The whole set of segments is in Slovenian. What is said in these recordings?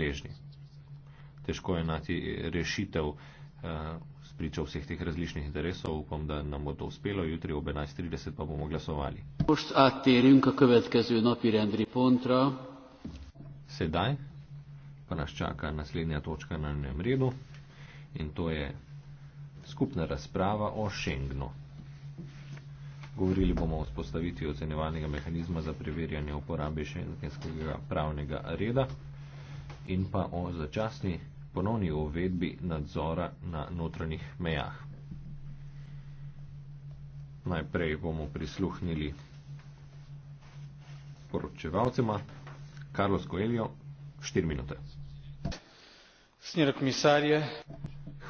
deležni. Težko je nati rešitev eh, spričal vseh teh različnih interesov. Upam, da nam bo to uspelo. Jutri ob 11.30 pa bomo glasovali. Sedaj pa nas čaka naslednja točka na njem redu in to je skupna razprava o Schengnu. Govorili bomo o spostavitvi ocenevalnega mehanizma za preverjanje uporabe šengenskega pravnega reda in pa o začasni ponovni uvedbi nadzora na notranjih mejah. Najprej bomo prisluhnili poročevalcema Carlos Coelho, 4 minute.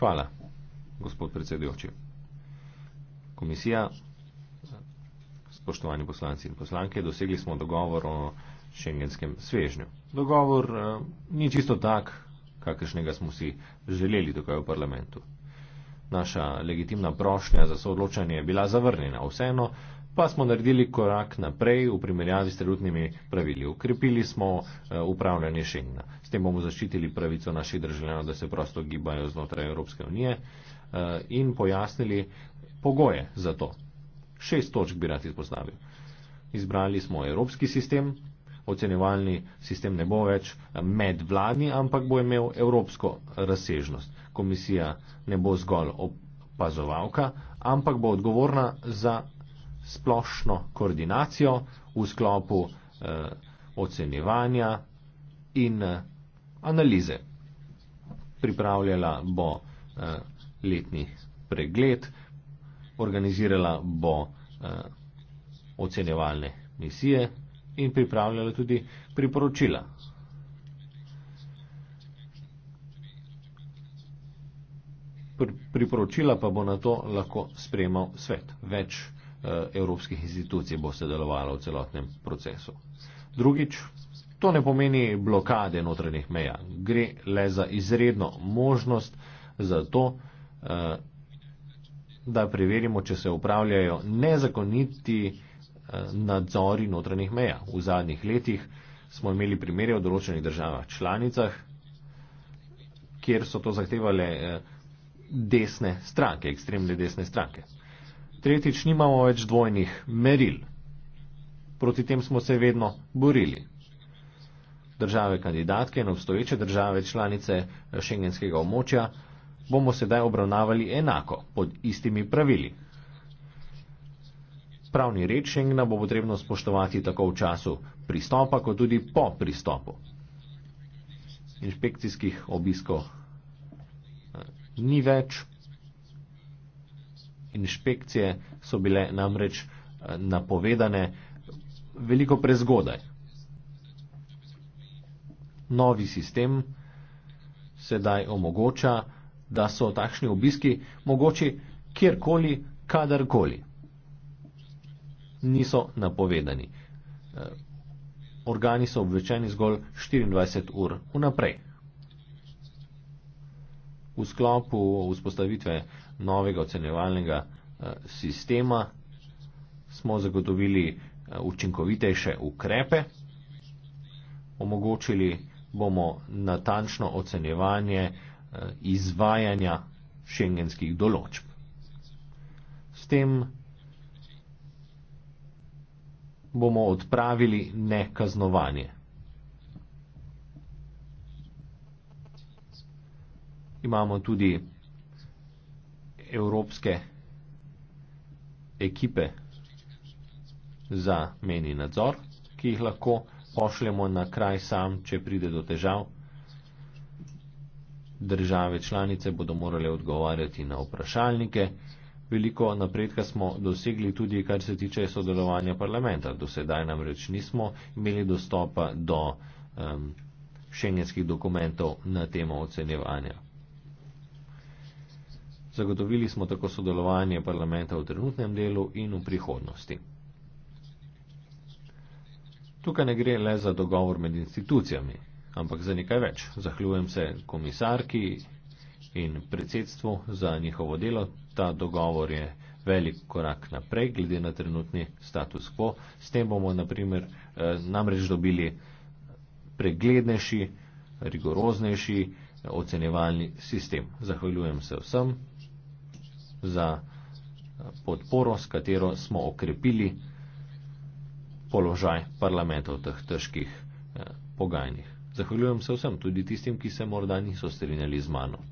Hvala, gospod predsedujoči. Komisija, spoštovani poslanci in poslanke, dosegli smo dogovor o šengenskem svežnju. Dogovor eh, ni čisto tak, kakršnega smo si želeli tukaj v parlamentu. Naša legitimna prošnja za soodločanje je bila zavrnjena, vseeno pa smo naredili korak naprej v primerjavi s trenutnimi pravili. Ukrepili smo eh, upravljanje Schengena. S tem bomo zaščitili pravico naših državljanov, da se prosto gibajo znotraj Evropske unije eh, in pojasnili pogoje za to. Šest točk bi rad izpostavil. Izbrali smo evropski sistem, ocenjevalni sistem ne bo več medvladni, ampak bo imel evropsko razsežnost. Komisija ne bo zgolj opazovalka, ampak bo odgovorna za splošno koordinacijo v sklopu eh, ocenjevanja in eh, analize. Pripravljala bo eh, letni pregled, organizirala bo eh, ocenjevalne misije, in pripravljala tudi priporočila. Priporočila pa bo na to lahko spremal svet. Več eh, evropskih institucij bo sodelovalo v celotnem procesu. Drugič, to ne pomeni blokade notranjih meja. Gre le za izredno možnost za to, eh, da preverimo, če se upravljajo nezakoniti nadzori notranjih meja. V zadnjih letih smo imeli primere v določenih državah članicah, kjer so to zahtevale eh, desne stranke, ekstremne desne stranke. Tretjič, nimamo več dvojnih meril. Proti tem smo se vedno borili. Države kandidatke in obstoječe države članice eh, šengenskega območja bomo sedaj obravnavali enako, pod istimi pravili. Pravni red Schengna bo potrebno spoštovati tako v času pristopa, kot tudi po pristopu. Inšpekcijskih obiskov eh, ni več. Inšpekcije so bile namreč eh, napovedane veliko prezgodaj. Novi sistem sedaj omogoča, da so takšni obiski mogoči kjerkoli, kadarkoli niso napovedani. Eh, organi so obvečeni zgolj 24 ur vnaprej. V sklopu vzpostavitve novega ocenjevalnega eh, sistema smo zagotovili eh, učinkovitejše ukrepe, omogočili bomo natančno ocenjevanje izvajanja šengenskih določb. S tem bomo odpravili nekaznovanje. Imamo tudi evropske ekipe za meni nadzor, ki jih lahko pošljemo na kraj sam, če pride do težav. Države članice bodo morale odgovarjati na vprašalnike. Veliko napredka smo dosegli tudi, kar se tiče sodelovanja parlamenta. Do sedaj namreč nismo imeli dostopa do um, šengenskih dokumentov na temo ocenjevanja. Zagotovili smo tako sodelovanje parlamenta v trenutnem delu in v prihodnosti. Tukaj ne gre le za dogovor med institucijami, ampak za nekaj več. Zahljujem se komisarki in predsedstvu za njihovo delo, ta dogovor je velik korak naprej, glede na trenutni status quo. S tem bomo naprimer, eh, namreč dobili preglednejši, rigoroznejši eh, ocenjevalni sistem. Zahvaljujem se vsem za eh, podporo, s katero smo okrepili položaj parlamenta v teh težkih pogajanjih. Zahvaljujem se vsem, tudi tistim, ki se morda niso strinjali z mano,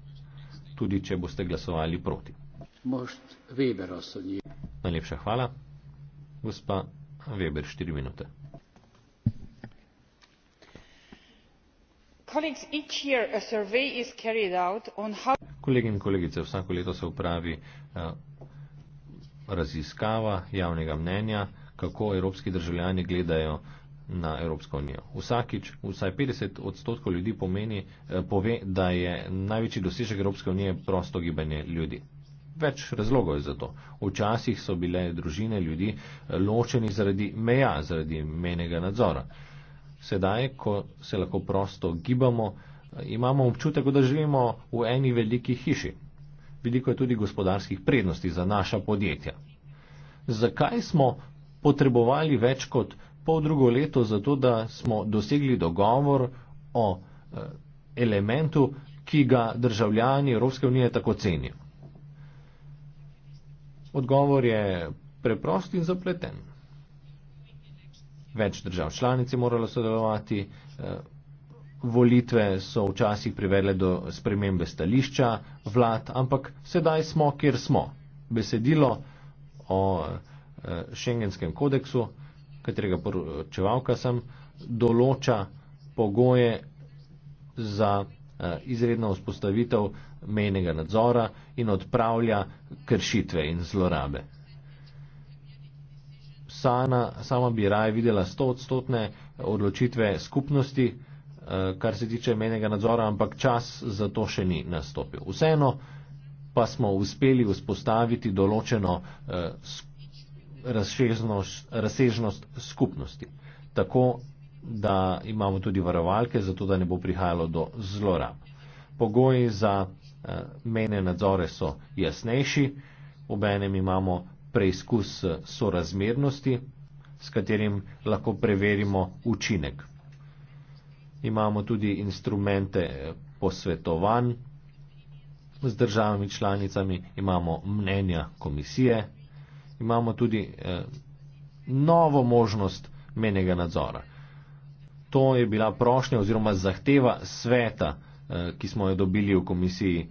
tudi če boste glasovali proti. Najlepša hvala. Gospa Weber, štiri minute. Kolegi in kolegice, vsako leto se upravi eh, raziskava javnega mnenja, kako evropski državljani gledajo na Evropsko unijo. Vsakič, vsaj 50 odstotkov ljudi pomeni, eh, pove, da je največji dosežek Evropske unije prosto gibanje ljudi. Več razlogov je za to. Včasih so bile družine ljudi eh, ločeni zaradi meja, zaradi menega nadzora. Sedaj, ko se lahko prosto gibamo, eh, imamo občutek, da živimo v eni veliki hiši. Veliko je tudi gospodarskih prednosti za naša podjetja. Zakaj smo potrebovali več kot pol drugo leto za to, da smo dosegli dogovor o eh, elementu, ki ga državljani Evropske unije tako cenijo? Odgovor je preprost in zapleten. Več držav članic je moralo sodelovati, eh, volitve so včasih privedle do spremembe stališča vlad, ampak sedaj smo, kjer smo. Besedilo o šengenskem eh, kodeksu, katerega poročevalka sem, določa pogoje za eh, izredno vzpostavitev mejnega nadzora in odpravlja kršitve in zlorabe. Sana, sama bi raje videla 100 odstotne odločitve skupnosti, eh, kar se tiče mejnega nadzora, ampak čas za to še ni nastopil. Vseeno pa smo uspeli vzpostaviti določeno eh, razsežnost skupnosti. Tako, da imamo tudi varovalke, zato da ne bo prihajalo do zlorab. Pogoji za Eh, mejne nadzore so jasnejši, obenem imamo preizkus eh, sorazmernosti, s katerim lahko preverimo učinek. Imamo tudi instrumente eh, posvetovanj z državami članicami, imamo mnenja komisije, imamo tudi novo možnost mejnega nadzora. To je bila prošnja oziroma zahteva sveta Eh, ki smo jo dobili v komisiji,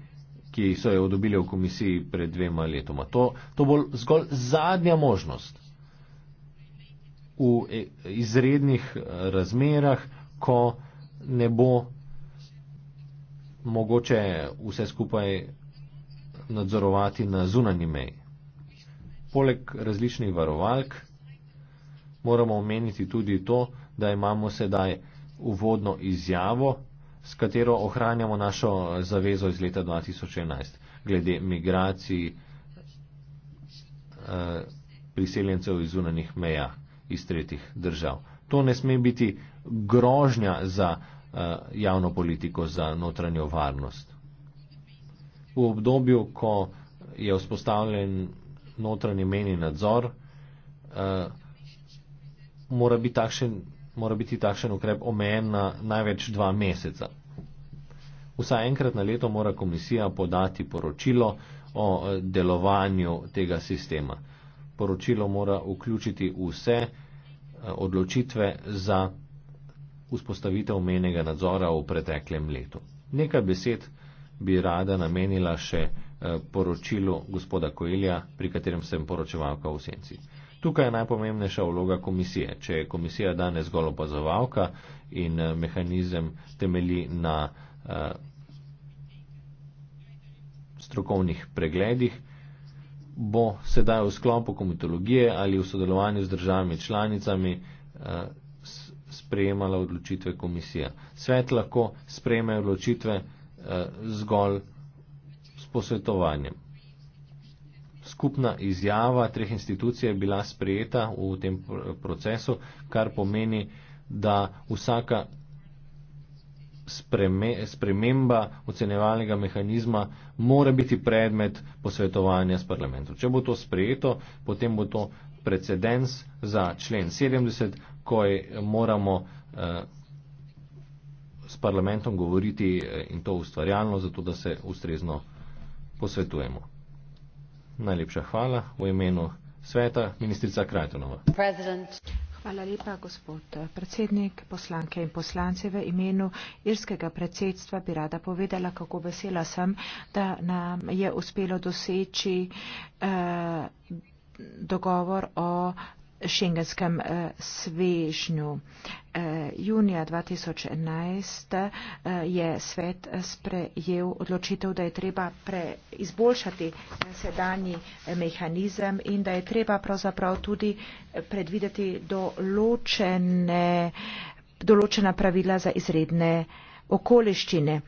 ki so jo dobili v komisiji pred dvema letoma. To, to bo zgolj zadnja možnost v eh, izrednih eh, razmerah, ko ne bo mogoče vse skupaj nadzorovati na zunanji meji. Poleg različnih varovalk moramo omeniti tudi to, da imamo sedaj uvodno izjavo s katero ohranjamo našo zavezo iz leta 2011 glede migracij eh, priseljencev iz zunanih meja iz tretjih držav. To ne sme biti grožnja za eh, javno politiko, za notranjo varnost. V obdobju, ko je vzpostavljen notranji meni nadzor, eh, mora biti takšen, mora biti takšen ukrep omejen na največ dva meseca. Vsaj enkrat na leto mora komisija podati poročilo o eh, delovanju tega sistema. Poročilo mora vključiti vse eh, odločitve za vzpostavitev menjega nadzora v preteklem letu. Nekaj besed bi rada namenila še eh, poročilu gospoda Koelja, pri katerem sem poročevalka v senci. Tukaj je najpomembnejša vloga komisije. Če je komisija danes zgolj opazovalka in mehanizem temeli na strokovnih pregledih, bo sedaj v sklopu komitologije ali v sodelovanju z državami članicami eh, sprejemala odločitve komisija. Svet lahko sprejme odločitve eh, zgolj s posvetovanjem. Skupna izjava treh institucij je bila sprejeta v tem procesu, kar pomeni, da vsaka spreme, sprememba ocenevalnega mehanizma mora biti predmet posvetovanja s parlamentom. Če bo to sprejeto, potem bo to precedens za člen 70, ko je moramo eh, s parlamentom govoriti eh, in to ustvarjalno, zato da se ustrezno posvetujemo. Najlepša hvala v imenu sveta, ministrica Krajtonova. President. Hvala lepa, gospod predsednik, poslanke in poslance. V imenu irskega predsedstva bi rada povedala, kako vesela sem, da nam je uspelo doseči eh, dogovor o šengenskem eh, svežnju. Eh, junija 2011 eh, je svet sprejel odločitev, da je treba izboljšati sedanji mehanizem in da je treba pravzaprav tudi predvideti določene, določena pravila za izredne okoliščine.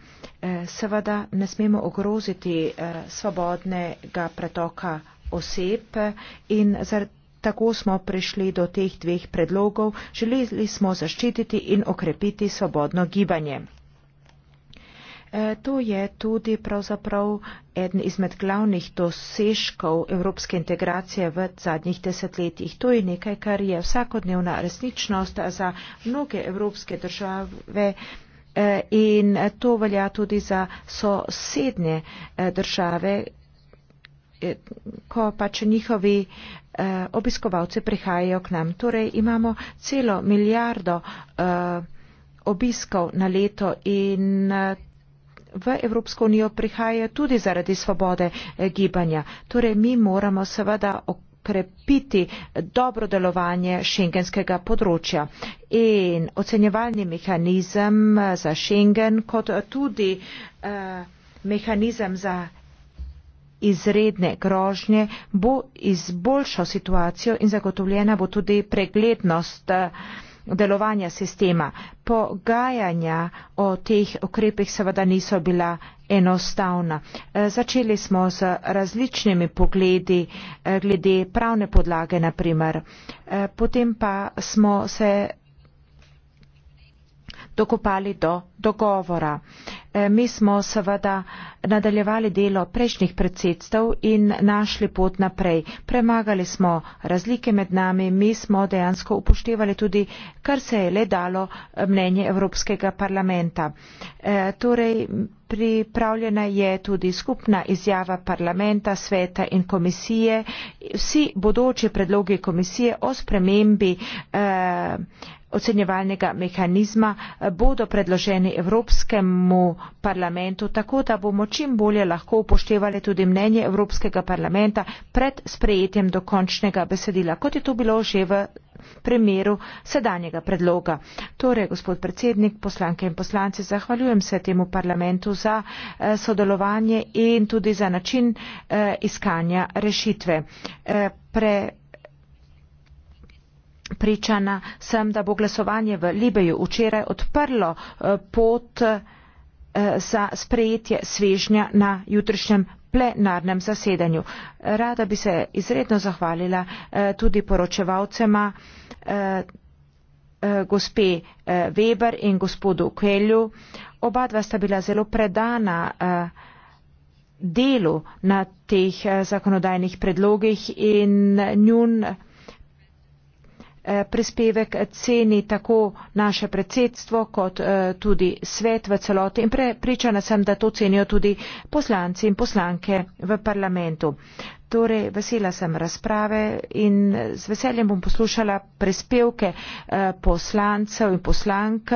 Seveda ne smemo ogroziti svobodnega pretoka oseb in zaradi Tako smo prišli do teh dveh predlogov, želeli smo zaščititi in okrepiti svobodno gibanje. E, to je tudi pravzaprav eden izmed glavnih dosežkov evropske integracije v zadnjih desetletjih. To je nekaj, kar je vsakodnevna resničnost za mnoge evropske države e, in to velja tudi za sosednje e, države, Eh, ko pač njihovi eh, obiskovalci prihajajo k nam. Torej imamo celo milijardo eh, obiskov na leto in eh, v Evropsko unijo prihaja tudi zaradi svobode eh, gibanja. Torej mi moramo seveda okrepiti eh, dobro delovanje šengenskega področja in ocenjevalni mehanizem eh, za šengen kot tudi eh, mehanizem za izredne grožnje, bo izboljšal situacijo in zagotovljena bo tudi preglednost eh, delovanja sistema. Pogajanja o teh ukrepih seveda niso bila enostavna. Eh, začeli smo z različnimi pogledi eh, glede pravne podlage, naprimer. Potem pa smo se dokopali do dogovora. Eh, mi smo seveda nadaljevali delo prejšnjih predsedstev in našli pot naprej. Premagali smo razlike med nami, mi smo dejansko upoštevali tudi, kar se je le dalo eh, mnenje Evropskega parlamenta. Eh, torej, pripravljena je tudi skupna izjava parlamenta, sveta in komisije. Vsi bodoči predlogi komisije o spremembi eh, ocenjevalnega mehanizma eh, bodo predloženi Evropskemu parlamentu, tako da bomo čim bolje lahko upoštevali tudi mnenje Evropskega parlamenta pred sprejetjem dokončnega besedila, kot je to bilo že v primeru sedanjega predloga. Torej, gospod predsednik, poslanke in poslanci, zahvaljujem se temu parlamentu za eh, sodelovanje in tudi za način eh, iskanja rešitve. Pre, pričana sem, da bo glasovanje v Libiji včeraj odprlo eh, pot eh, za sprejetje svežnja na jutrišnjem plenarnem zasedanju. Rada bi se izredno zahvalila eh, tudi poročevalcema gospe Weber in gospodu Kelju. Oba dva sta bila zelo predana delu na teh zakonodajnih predlogih in njun Eh, prispevek ceni tako naše predsedstvo kot eh, tudi svet v celoti in prepričana sem, da to cenijo tudi poslanci in poslanke v parlamentu. Torej, vesela sem razprave in z veseljem bom poslušala prispevke eh, poslancev in poslank.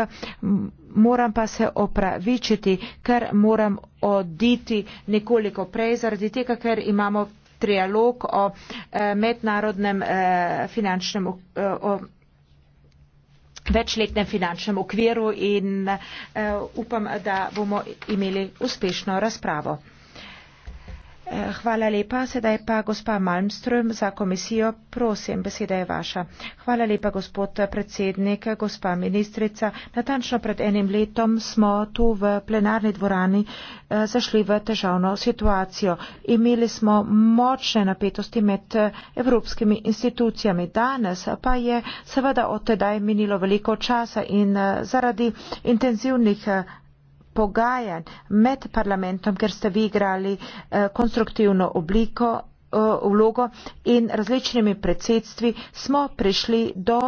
Moram pa se opravičiti, ker moram oditi nekoliko prej, zaradi tega, ker imamo trialog o eh, mednarodnem eh, finančnem eh, večletnem finančnem okviru in upam, da bomo imeli uspešno razpravo. Eh, hvala lepa. Sedaj pa gospa Malmström za komisijo. Prosim, beseda je vaša. Hvala lepa, gospod predsednik, gospa ministrica. Natančno pred enim letom smo tu v plenarni dvorani eh, zašli v težavno situacijo. Imeli smo močne napetosti med eh, evropskimi institucijami. Danes pa je seveda od tedaj minilo veliko časa in zaradi intenzivnih pogajanj med parlamentom, ker ste vi igrali eh, konstruktivno obliko, eh, vlogo in različnimi predsedstvi smo prišli do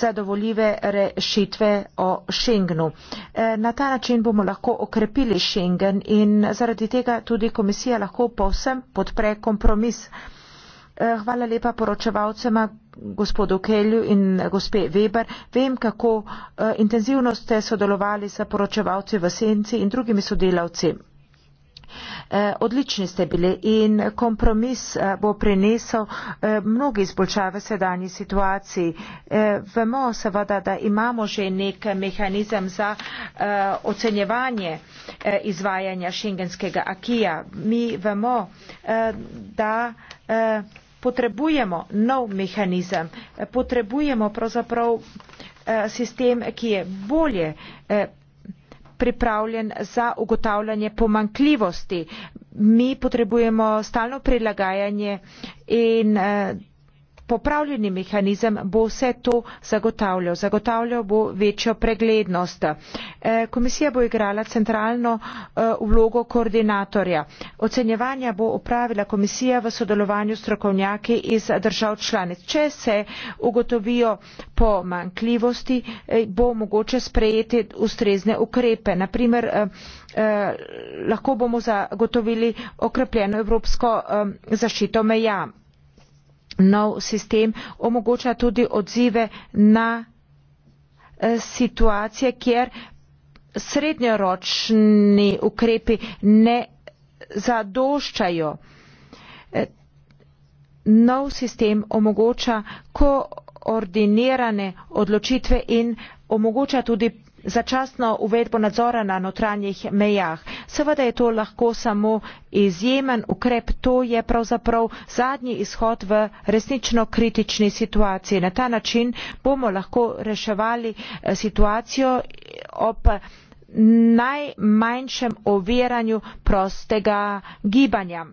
zadovoljive rešitve o Schengenu. Eh, na ta način bomo lahko okrepili Schengen in zaradi tega tudi komisija lahko povsem podpre kompromis. Eh, hvala lepa poročevalcema, gospodu Kelju in eh, gospe Weber. Vem, kako eh, intenzivno ste sodelovali s poročevalci v Senci in drugimi sodelavci. Odlični ste bili in kompromis bo prenesel mnogi izboljšave sedanji situaciji. Vemo seveda, da imamo že nek mehanizem za ocenjevanje izvajanja šengenskega akija. Mi vemo, da potrebujemo nov mehanizem, eh, potrebujemo pravzaprav eh, sistem, ki je bolje eh, pripravljen za ugotavljanje pomankljivosti. Mi potrebujemo stalno prilagajanje in Popravljeni mehanizem bo vse to zagotavljal. Zagotavljal bo večjo preglednost. E, komisija bo igrala centralno e, vlogo koordinatorja. Ocenjevanja bo opravila komisija v sodelovanju strokovnjaki iz držav članic. Če se ugotovijo pomankljivosti, e, bo mogoče sprejeti ustrezne ukrepe. Naprimer, lahko bomo zagotovili okrepljeno evropsko zaščito meja nov sistem omogoča tudi odzive na eh, situacije, kjer srednjeročni ukrepi ne zadoščajo. Eh, nov sistem omogoča koordinirane odločitve in omogoča tudi začasno uvedbo nadzora na notranjih mejah. Seveda je to lahko samo izjemen ukrep, to je pravzaprav zadnji izhod v resnično kritični situaciji. Na ta način bomo lahko reševali eh, situacijo ob najmanjšem oviranju prostega gibanja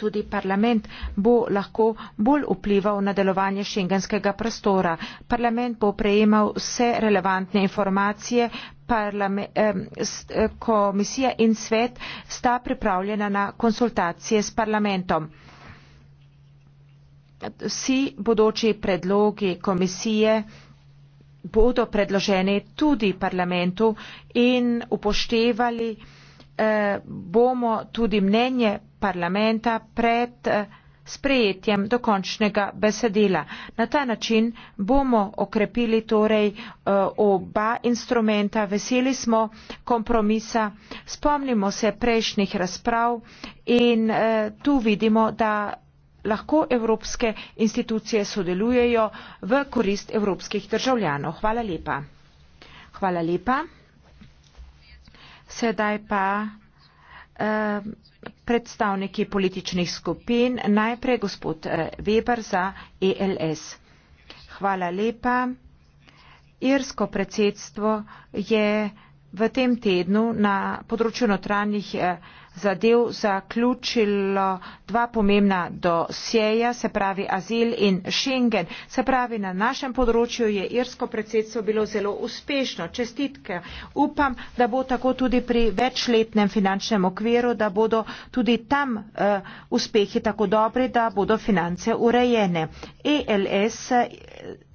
tudi parlament bo lahko bolj vplival na delovanje šengenskega prostora. Parlament bo prejemal vse relevantne informacije, eh, komisija in svet sta pripravljena na konsultacije s parlamentom. Vsi bodoči predlogi komisije bodo predloženi tudi parlamentu in upoštevali eh, bomo tudi mnenje parlamenta pred eh, sprejetjem dokončnega besedila. Na ta način bomo okrepili torej eh, oba instrumenta, veseli smo kompromisa, spomnimo se prejšnjih razprav in eh, tu vidimo, da lahko evropske institucije sodelujejo v korist evropskih državljanov. Hvala lepa. Hvala lepa. Sedaj pa Eh, predstavniki političnih skupin. Najprej gospod eh, Weber za ELS. Hvala lepa. Irsko predsedstvo je v tem tednu na področju notranjih eh, zadev zaključilo dva pomembna dosjeja, se pravi azil in Schengen. Se pravi, na našem področju je irsko predsedstvo bilo zelo uspešno. Čestitke. Upam, da bo tako tudi pri večletnem finančnem okviru, da bodo tudi tam uh, uspehi tako dobri, da bodo finance urejene. ELS eh,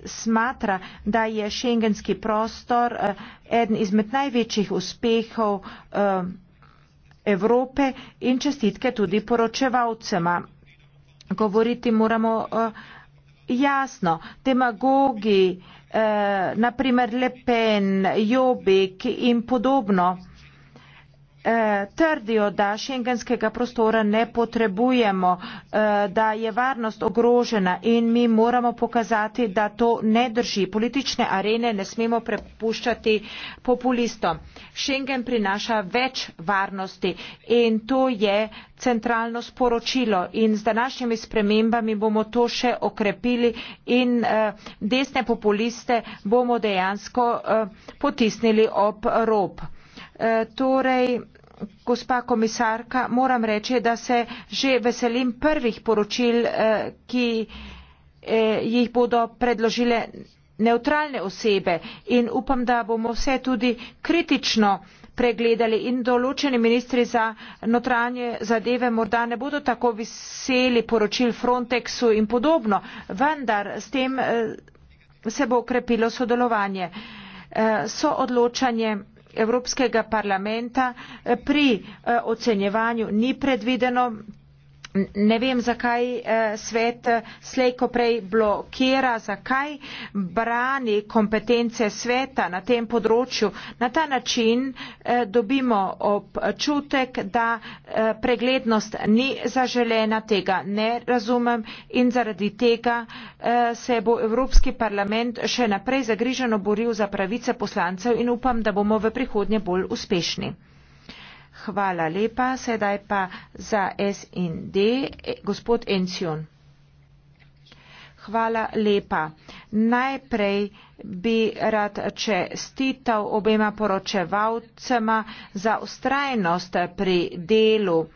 smatra, da je šengenski prostor uh, eden izmed največjih uspehov uh, Evrope in čestitke tudi poročevalcema. Govoriti moramo uh, jasno. Demagogi, uh, eh, naprimer Le Pen, Jobik in podobno. Eh, trdijo, da šengenskega prostora ne potrebujemo, eh, da je varnost ogrožena in mi moramo pokazati, da to ne drži. Politične arene ne smemo prepuščati populistom. Schengen prinaša več varnosti in to je centralno sporočilo in z današnjimi spremembami bomo to še okrepili in eh, desne populiste bomo dejansko potisnili ob rob. E, torej gospa komisarka moram reči da se že veselim prvih poročil e, ki e, jih bodo predložile neutralne osebe in upam da bomo vse tudi kritično pregledali in določeni ministri za notranje zadeve morda ne bodo tako veseli poročil Frontexu in podobno, vendar s tem se bo okrepilo sodelovanje. So odločanje evropskega parlamenta pri eh, ocenjevanju ni predvideno ne vem, zakaj eh, svet eh, slejko prej blokira, zakaj brani kompetence sveta na tem področju. Na ta način eh, dobimo občutek, da preglednost ni zaželena, tega ne razumem in zaradi tega se bo Evropski parlament še naprej zagriženo boril za pravice poslancev in upam, da bomo v prihodnje bolj uspešni hvala lepa. Sedaj pa za S in D, e, gospod Encion. Hvala lepa. Najprej bi rad čestital obema poročevalcema za ustrajnost pri delu.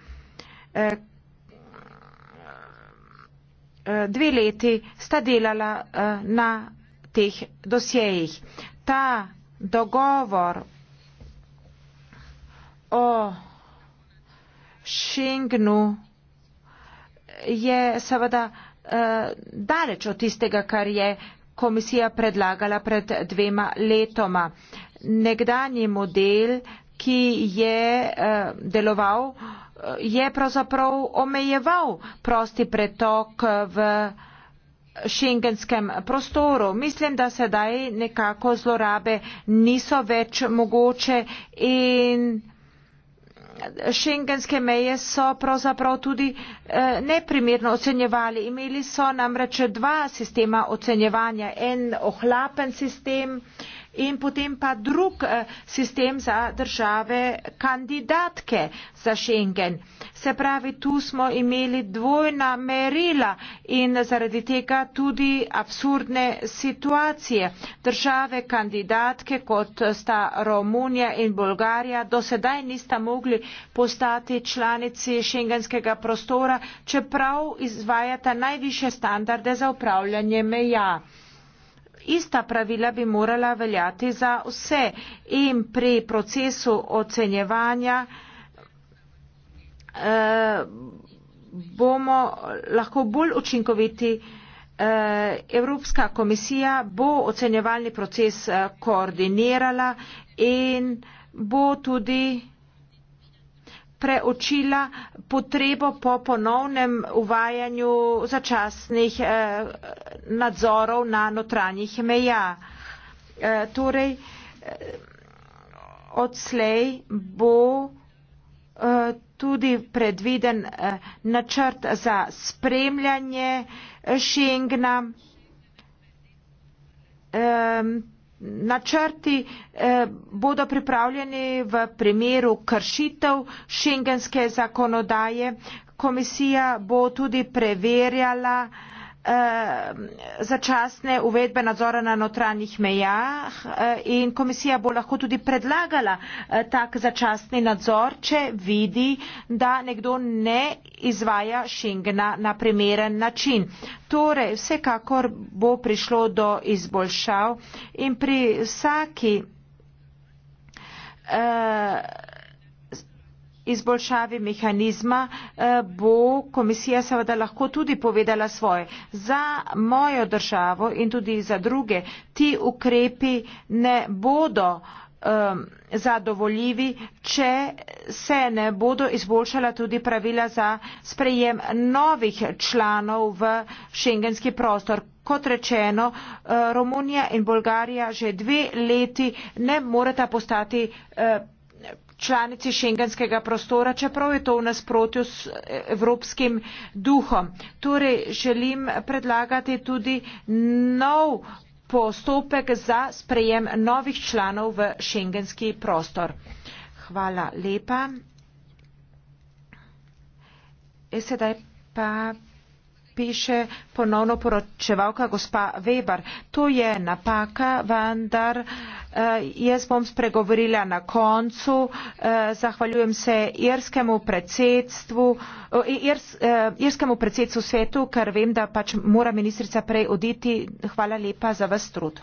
E, e, dve leti sta delala na teh dosjejih. Ta dogovor o Šengnu je seveda uh, daleč od tistega, kar je komisija predlagala pred dvema letoma. Nekdanji model, ki je uh, deloval, uh, je pravzaprav omejeval prosti pretok v šengenskem prostoru. Mislim, da sedaj nekako zlorabe niso več mogoče in šengenske meje so pravzaprav tudi eh, neprimerno ocenjevali. Imeli so namreč dva sistema ocenjevanja, en ohlapen sistem in potem pa drug eh, sistem za države kandidatke za šengen. Se pravi, tu smo imeli dvojna merila in zaradi tega tudi absurdne situacije. Države kandidatke, kot sta Romunija in Bolgarija, do sedaj nista mogli postati članici šengenskega prostora, čeprav izvajata najviše standarde za upravljanje meja. Ista pravila bi morala veljati za vse in pri procesu ocenjevanja Eh, bomo lahko bolj učinkoviti. Eh, Evropska komisija bo ocenjevalni proces eh, koordinirala in bo tudi preočila potrebo po ponovnem uvajanju začasnih nadzorov na notranjih meja. Torej, odslej bo tudi predviden eh, načrt za spremljanje eh, Schengna. Načrti eh, bodo pripravljeni v primeru kršitev šengenske zakonodaje. Komisija bo tudi preverjala, Ehm, začasne uvedbe nadzora na notranjih mejah eh, in komisija bo lahko tudi predlagala eh, tak začasni nadzor, če vidi, da nekdo ne izvaja Schengena na primeren način. Torej, vsekakor bo prišlo do izboljšav in pri vsaki uh, izboljšavi mehanizma eh, bo komisija seveda lahko tudi povedala svoje. Za mojo državo in tudi za druge ti ukrepi ne bodo um, zadovoljivi, če se ne bodo izboljšala tudi pravila za sprejem novih članov v šengenski prostor. Kot rečeno, eh, Romunija in Bolgarija že dve leti ne moreta postati uh, članici šengenskega prostora, čeprav je to v nasprotju s eh, evropskim duhom. Torej, želim predlagati tudi nov postopek za sprejem novih članov v šengenski prostor. Hvala lepa. E sedaj pa piše ponovno poročevalka gospa Weber. To je napaka, vendar eh, jaz bom spregovorila na koncu. Eh, zahvaljujem se irskemu predsedstvu, eh, irskemu predsedstvu svetu, ker vem, da pač mora ministrica prej oditi. Hvala lepa za vas trud.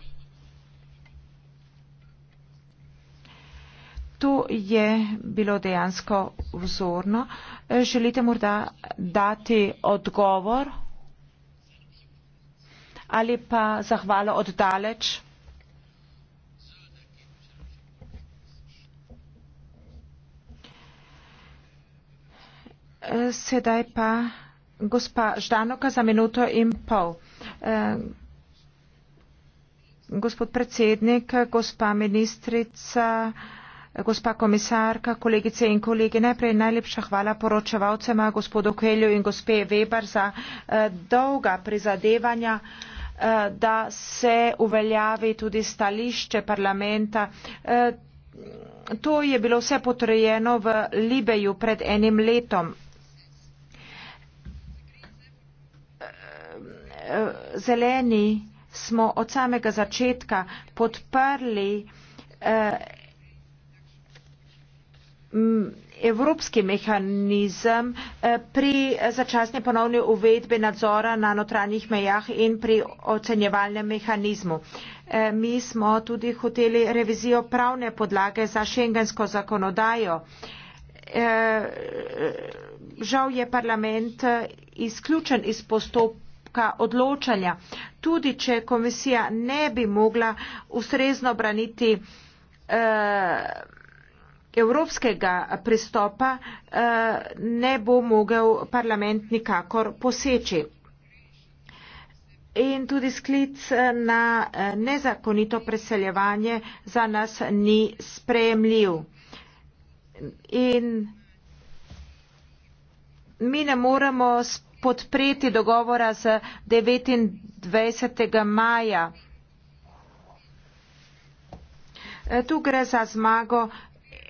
To je bilo dejansko vzorno. Želite morda dati odgovor? ali pa zahvalo od daleč. E, sedaj pa gospa Ždanoka za minuto in pol. E, gospod predsednik, gospa ministrica, gospa komisarka, kolegice in kolegi, najprej najlepša hvala poročevalcema gospodu Kelju in gospe Weber za e, dolga prizadevanja. Eh, da se uveljavi tudi stališče parlamenta. Eh, to je bilo vse potrojeno v Libeju pred enim letom. Eh, zeleni smo od samega začetka podprli evropski mehanizem eh, pri začasni ponovni uvedbi nadzora na notranjih mejah in pri ocenjevalnem mehanizmu. Eh, mi smo tudi hoteli revizijo pravne podlage za šengensko zakonodajo. Eh, žal je parlament izključen iz postopka odločanja, tudi če komisija ne bi mogla ustrezno braniti evropskega pristopa eh, ne bo mogel parlament nikakor poseči. In tudi sklic eh, na eh, nezakonito preseljevanje za nas ni sprejemljiv. In mi ne moremo podpreti dogovora z 29. maja. Tu gre za zmago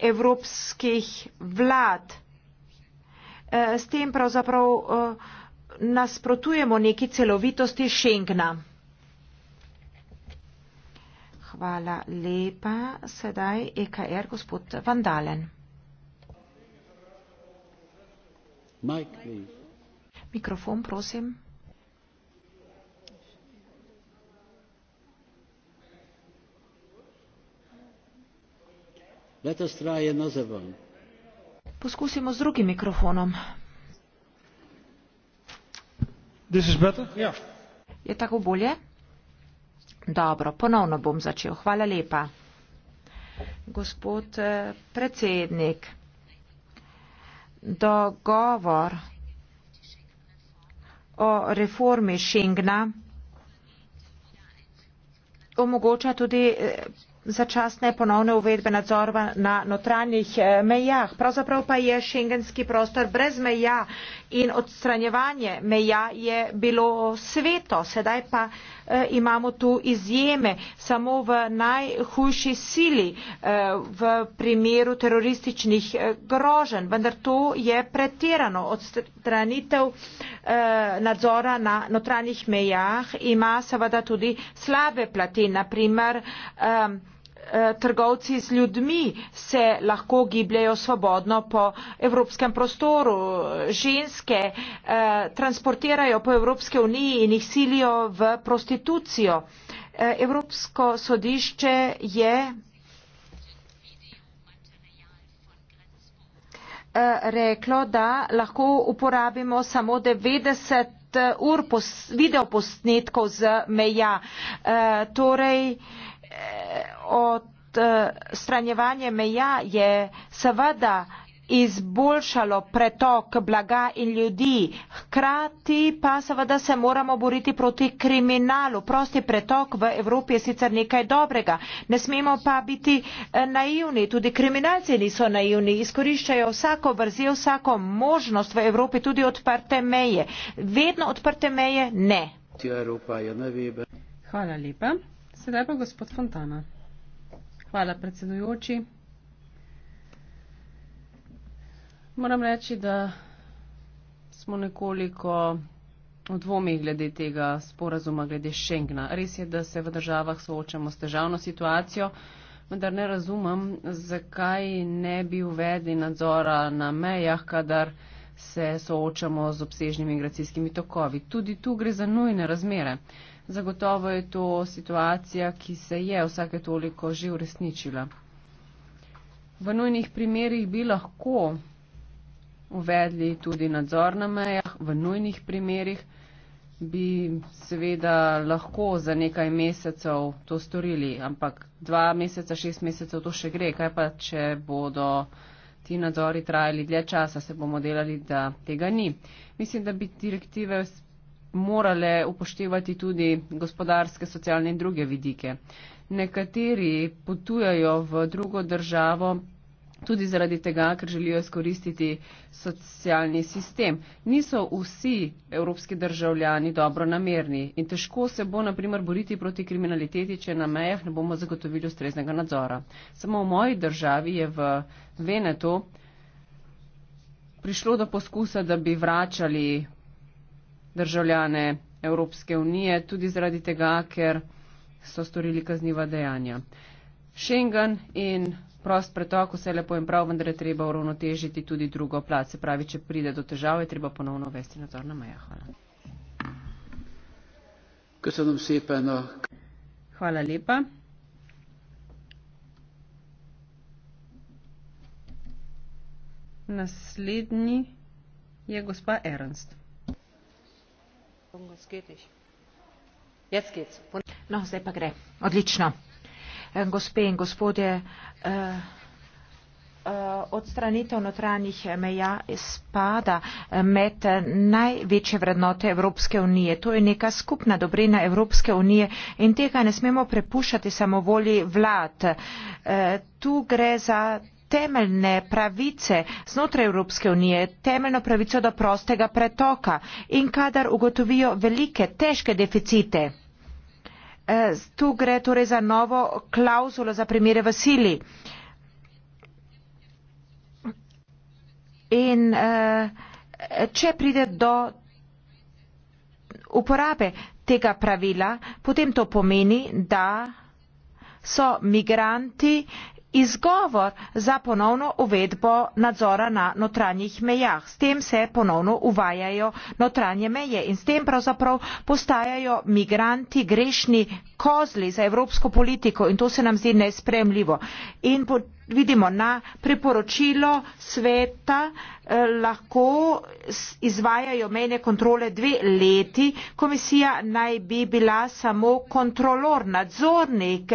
evropskih vlad. E, s tem pravzaprav e, nasprotujemo neki celovitosti Schengna. Hvala lepa. Sedaj EKR, gospod Vandalen. Mike, Mikrofon, prosim. Let us try another one. Poskusimo z drugim mikrofonom. This is better? Yeah. Ja. Je tako bolje? Dobro, ponovno bom začel. Hvala lepa. Gospod eh, predsednik, dogovor o reformi Šengna omogoča tudi eh, začasne ponovne uvedbe nadzorva na notranjih eh, mejah. Pravzaprav pa je šengenski prostor brez meja in odstranjevanje meja je bilo sveto. Sedaj pa eh, imamo tu izjeme samo v najhujši sili eh, v primeru terorističnih grožen, vendar to je pretirano. Odstranitev nadzora na notranjih mejah ima seveda tudi slabe plati, naprimer Eh, trgovci z ljudmi se lahko gibljajo svobodno po evropskem prostoru. Ženske eh, transportirajo po Evropske uniji in jih silijo v prostitucijo. Eh, Evropsko sodišče je reklo, da lahko uporabimo samo 90 ur videoposnetkov z meja. Torej, odstranjevanje eh, meja je seveda izboljšalo pretok blaga in ljudi. Hkrati pa seveda se moramo boriti proti kriminalu. Prosti pretok v Evropi je sicer nekaj dobrega. Ne smemo pa biti eh, naivni. Tudi kriminalci niso naivni. Izkoriščajo vsako vrzel, vsako možnost v Evropi, tudi odprte meje. Vedno odprte meje ne. Hvala lepa. Sedaj pa gospod Fontana. Hvala, predsedujoči. Moram reči, da smo nekoliko v dvomih glede tega sporazuma, glede Schengna. Res je, da se v državah soočamo s težavno situacijo, vendar ne razumem, zakaj ne bi uvedli nadzora na mejah, kadar se soočamo z obsežnimi migracijskimi tokovi. Tudi tu gre za nujne razmere. Zagotovo je to situacija, ki se je vsake toliko že uresničila. V nujnih primerih bi lahko uvedli tudi nadzor na mejah, v nujnih primerih bi seveda lahko za nekaj mesecev to storili, ampak dva meseca, šest mesecev to še gre. Kaj pa, če bodo ti nadzori trajali dlje časa, se bomo delali, da tega ni. Mislim, da bi direktive morale upoštevati tudi gospodarske, socialne in druge vidike. Nekateri potujajo v drugo državo tudi zaradi tega, ker želijo izkoristiti socialni sistem. Niso vsi evropski državljani dobro namerni in težko se bo, na primer, boriti proti kriminaliteti, če na mejah ne bomo zagotovili ustreznega nadzora. Samo v moji državi je v Venetu prišlo do poskusa, da bi vračali državljane Evropske unije, tudi zaradi tega, ker so storili kazniva dejanja. Schengen in prost pretok, vse lepo in prav, vendar je treba uravnotežiti tudi drugo plat. Se pravi, če pride do težav, je treba ponovno uvesti nadzor na meja. Hvala. Hvala lepa. Naslednji je gospa Ernst. No, zdaj pa gre. Odlično. Eh, gospe in gospodje, eh, eh, odstranitev notranjih meja spada med največje vrednote Evropske unije. To je neka skupna dobrina Evropske unije in tega ne smemo prepuščati samovolji vlad. Tu gre za temeljne pravice znotraj Evropske unije, temeljno pravico do prostega pretoka in kadar ugotovijo velike, težke deficite. Eh, tu gre torej za novo klauzulo za primere v sili. In eh, če pride do uporabe tega pravila, potem to pomeni, da so migranti izgovor za ponovno uvedbo nadzora na notranjih mejah. s tem se ponovno uvajajo notranje meje in s tem pravzaprav postajajo migranti grešni kozli za evropsko politiko in to se nam zdi nesprejemljivo. in po, vidimo na priporočilo sveta eh, lahko izvajajo mejne kontrole dve leti. Komisija naj bi bila samo kontrolor, nadzornik,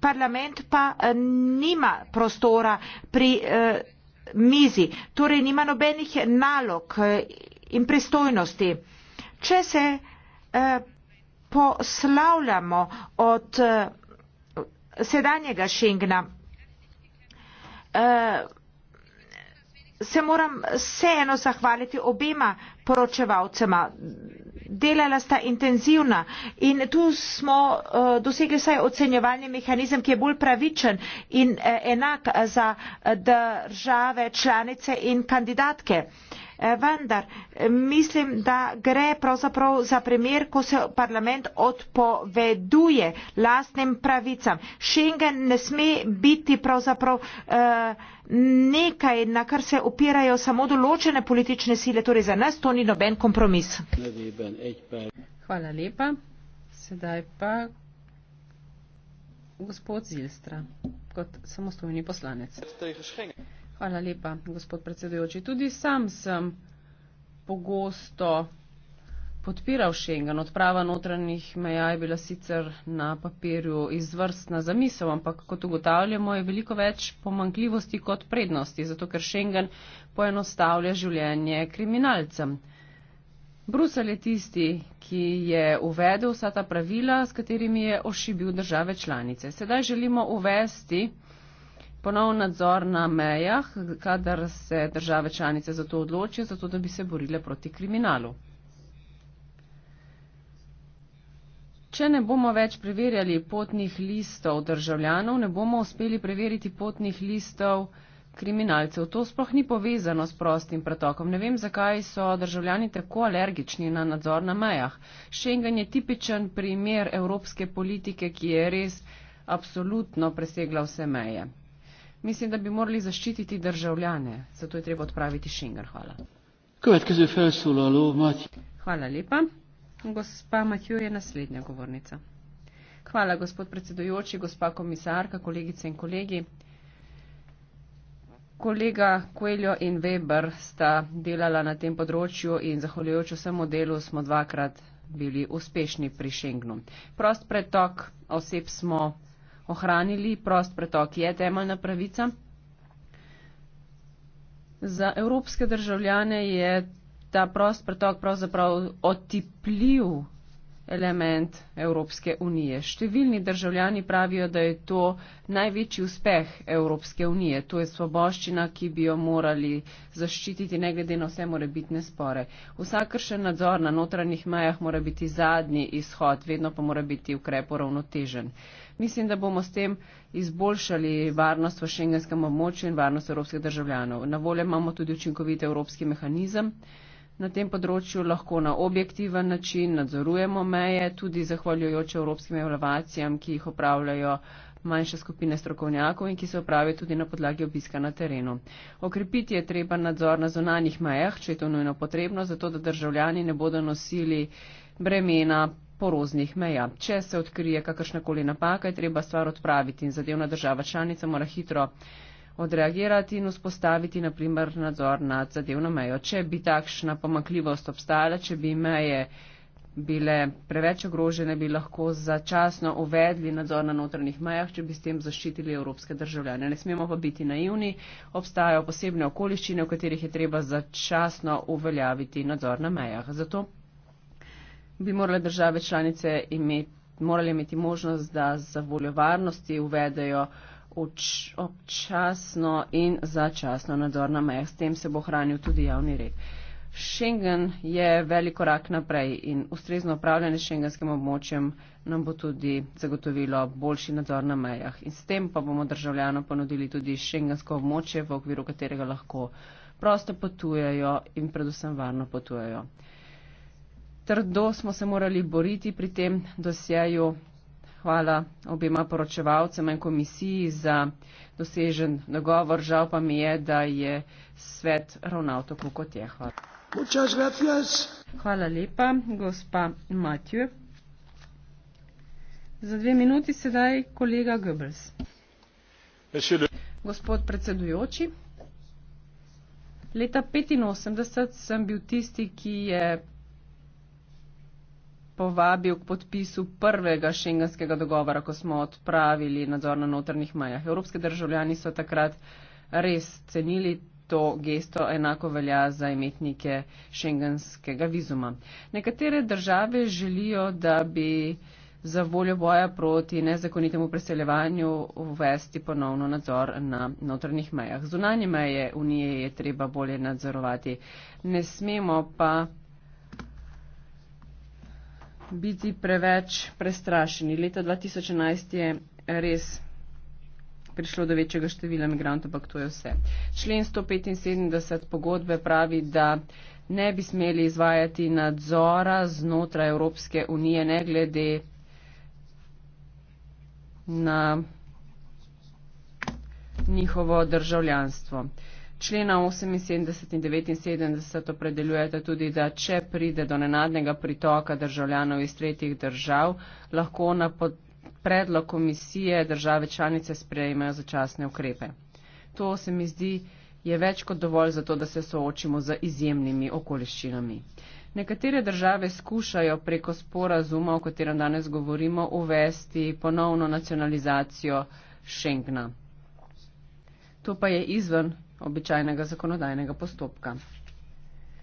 parlament pa eh, nima prostora pri eh, mizi, torej nima nobenih nalog in pristojnosti. Če se poslavljamo od sedanjega Šengna, uh, se moram vseeno zahvaliti obema poročevalcema. Delala sta intenzivna in tu smo uh, dosegli saj ocenjevalni mehanizem, ki je bolj pravičen in uh, enak za uh, države, članice in kandidatke. Uh, Eh, vendar mislim, da gre pravzaprav za primer, ko se parlament odpoveduje lastnim pravicam. Schengen ne sme biti pravzaprav eh, nekaj, na kar se opirajo samo določene politične sile, torej za nas to ni noben kompromis. Hvala lepa. Sedaj pa gospod Zilstra kot samostojni poslanec. Hvala lepa, gospod predsedujoči. Tudi sam sem pogosto podpiral Schengen. Odprava notranjih meja je bila sicer na papirju izvrstna zamisel, ampak kot ugotavljamo, je veliko več pomankljivosti kot prednosti, zato ker Schengen poenostavlja življenje kriminalcem. Brusel je tisti, ki je uvedel vsa ta pravila, s katerimi je ošibil države članice. Sedaj želimo uvesti ponov nadzor na mejah, kadar se države članice za to odločijo, zato da bi se borile proti kriminalu. Če ne bomo več preverjali potnih listov državljanov, ne bomo uspeli preveriti potnih listov kriminalcev. To sploh ni povezano s prostim pretokom. Ne vem, zakaj so državljani tako alergični na nadzor na mejah. Schengen je tipičen primer evropske politike, ki je res absolutno presegla vse meje. Mislim, da bi morali zaščititi državljane, zato je treba odpraviti šengr. Hvala. Hvala lepa. Gospa Matjo je naslednja govornica. Hvala, gospod predsedujoči, gospa komisarka, kolegice in kolegi. Kolega Kueljo in Weber sta delala na tem področju in zahvaljujoč vsemu delu smo dvakrat bili uspešni pri Schengnu. Prost pretok oseb smo ohranili, prost pretok je temeljna pravica. Za evropske državljane je ta prost pretok pravzaprav otipljiv element Evropske unije. Številni državljani pravijo, da je to največji uspeh Evropske unije. To je svoboščina, ki bi jo morali zaščititi, ne glede na vse morebitne spore. Vsakršen nadzor na notranjih majah mora biti zadnji izhod, vedno pa mora biti ukrep uravnotežen. Mislim, da bomo s tem izboljšali varnost v šengenskem območju in varnost evropskih državljanov. Na voljo imamo tudi učinkovit evropski mehanizem na tem področju lahko na objektiven način nadzorujemo meje, tudi zahvaljujoč evropskim evalvacijam, ki jih opravljajo manjše skupine strokovnjakov in ki se opravijo tudi na podlagi obiska na terenu. Okrepiti je treba nadzor na zonanih mejah, če je to nujno potrebno, zato da državljani ne bodo nosili bremena poroznih meja. Če se odkrije kakršnakoli napaka, je treba stvar odpraviti in zadevna država članica mora hitro odreagirati in vzpostaviti, naprimer, nadzor nad zadevno mejo. Če bi takšna pomakljivost obstajala, če bi meje bile preveč ogrožene, bi lahko začasno uvedli nadzor na notranjih mejah, če bi s tem zaščitili evropske državljane. Ne smemo pa biti naivni, obstajajo posebne okoliščine, v katerih je treba začasno uveljaviti nadzor na mejah. Zato bi morale države članice imeti, morali imeti možnost, da za voljo varnosti uvedejo Oč, občasno in začasno nadzor na mejah. S tem se bo hranil tudi javni red. Schengen je velik korak naprej in ustrezno upravljanje s šengenskim območjem nam bo tudi zagotovilo boljši nadzor na mejah. In s tem pa bomo državljano ponudili tudi šengensko območje, v okviru katerega lahko prosto potujejo in predvsem varno potujejo. Trdo smo se morali boriti pri tem dosjeju, hvala obima poročevalcem in komisiji za dosežen dogovor. Žal pa mi je, da je svet ravnal tako kot je. Hvala. Hvala lepa, gospa Matju. Za dve minuti sedaj kolega Goebbels. Gospod predsedujoči, leta 1985 sem bil tisti, ki je povabil k podpisu prvega šengenskega dogovora, ko smo odpravili nadzor na notrnih mejah. Evropske državljani so takrat res cenili to gesto, enako velja za imetnike šengenskega vizuma. Nekatere države želijo, da bi za voljo boja proti nezakonitemu preseljevanju uvesti ponovno nadzor na notrnih mejah. Zunanje meje Unije je treba bolje nadzorovati. Ne smemo pa biti preveč prestrašeni. Leta 2011 je res prišlo do večjega števila migrantov, ampak to je vse. Člen 175 pogodbe pravi, da ne bi smeli izvajati nadzora znotraj Evropske unije, ne glede na njihovo državljanstvo. Uh, Člena 78 in 79 opredeljujete tudi, da če pride do nenadnega pritoka državljanov iz tretjih držav, lahko na predlog komisije države članice sprejmejo začasne ukrepe. To se mi zdi je več kot dovolj za to, da se soočimo z izjemnimi okoliščinami. Nekatere države skušajo preko sporazuma, o katerem danes govorimo, uvesti ponovno nacionalizacijo Schengna. To pa je izven običajnega zakonodajnega postopka.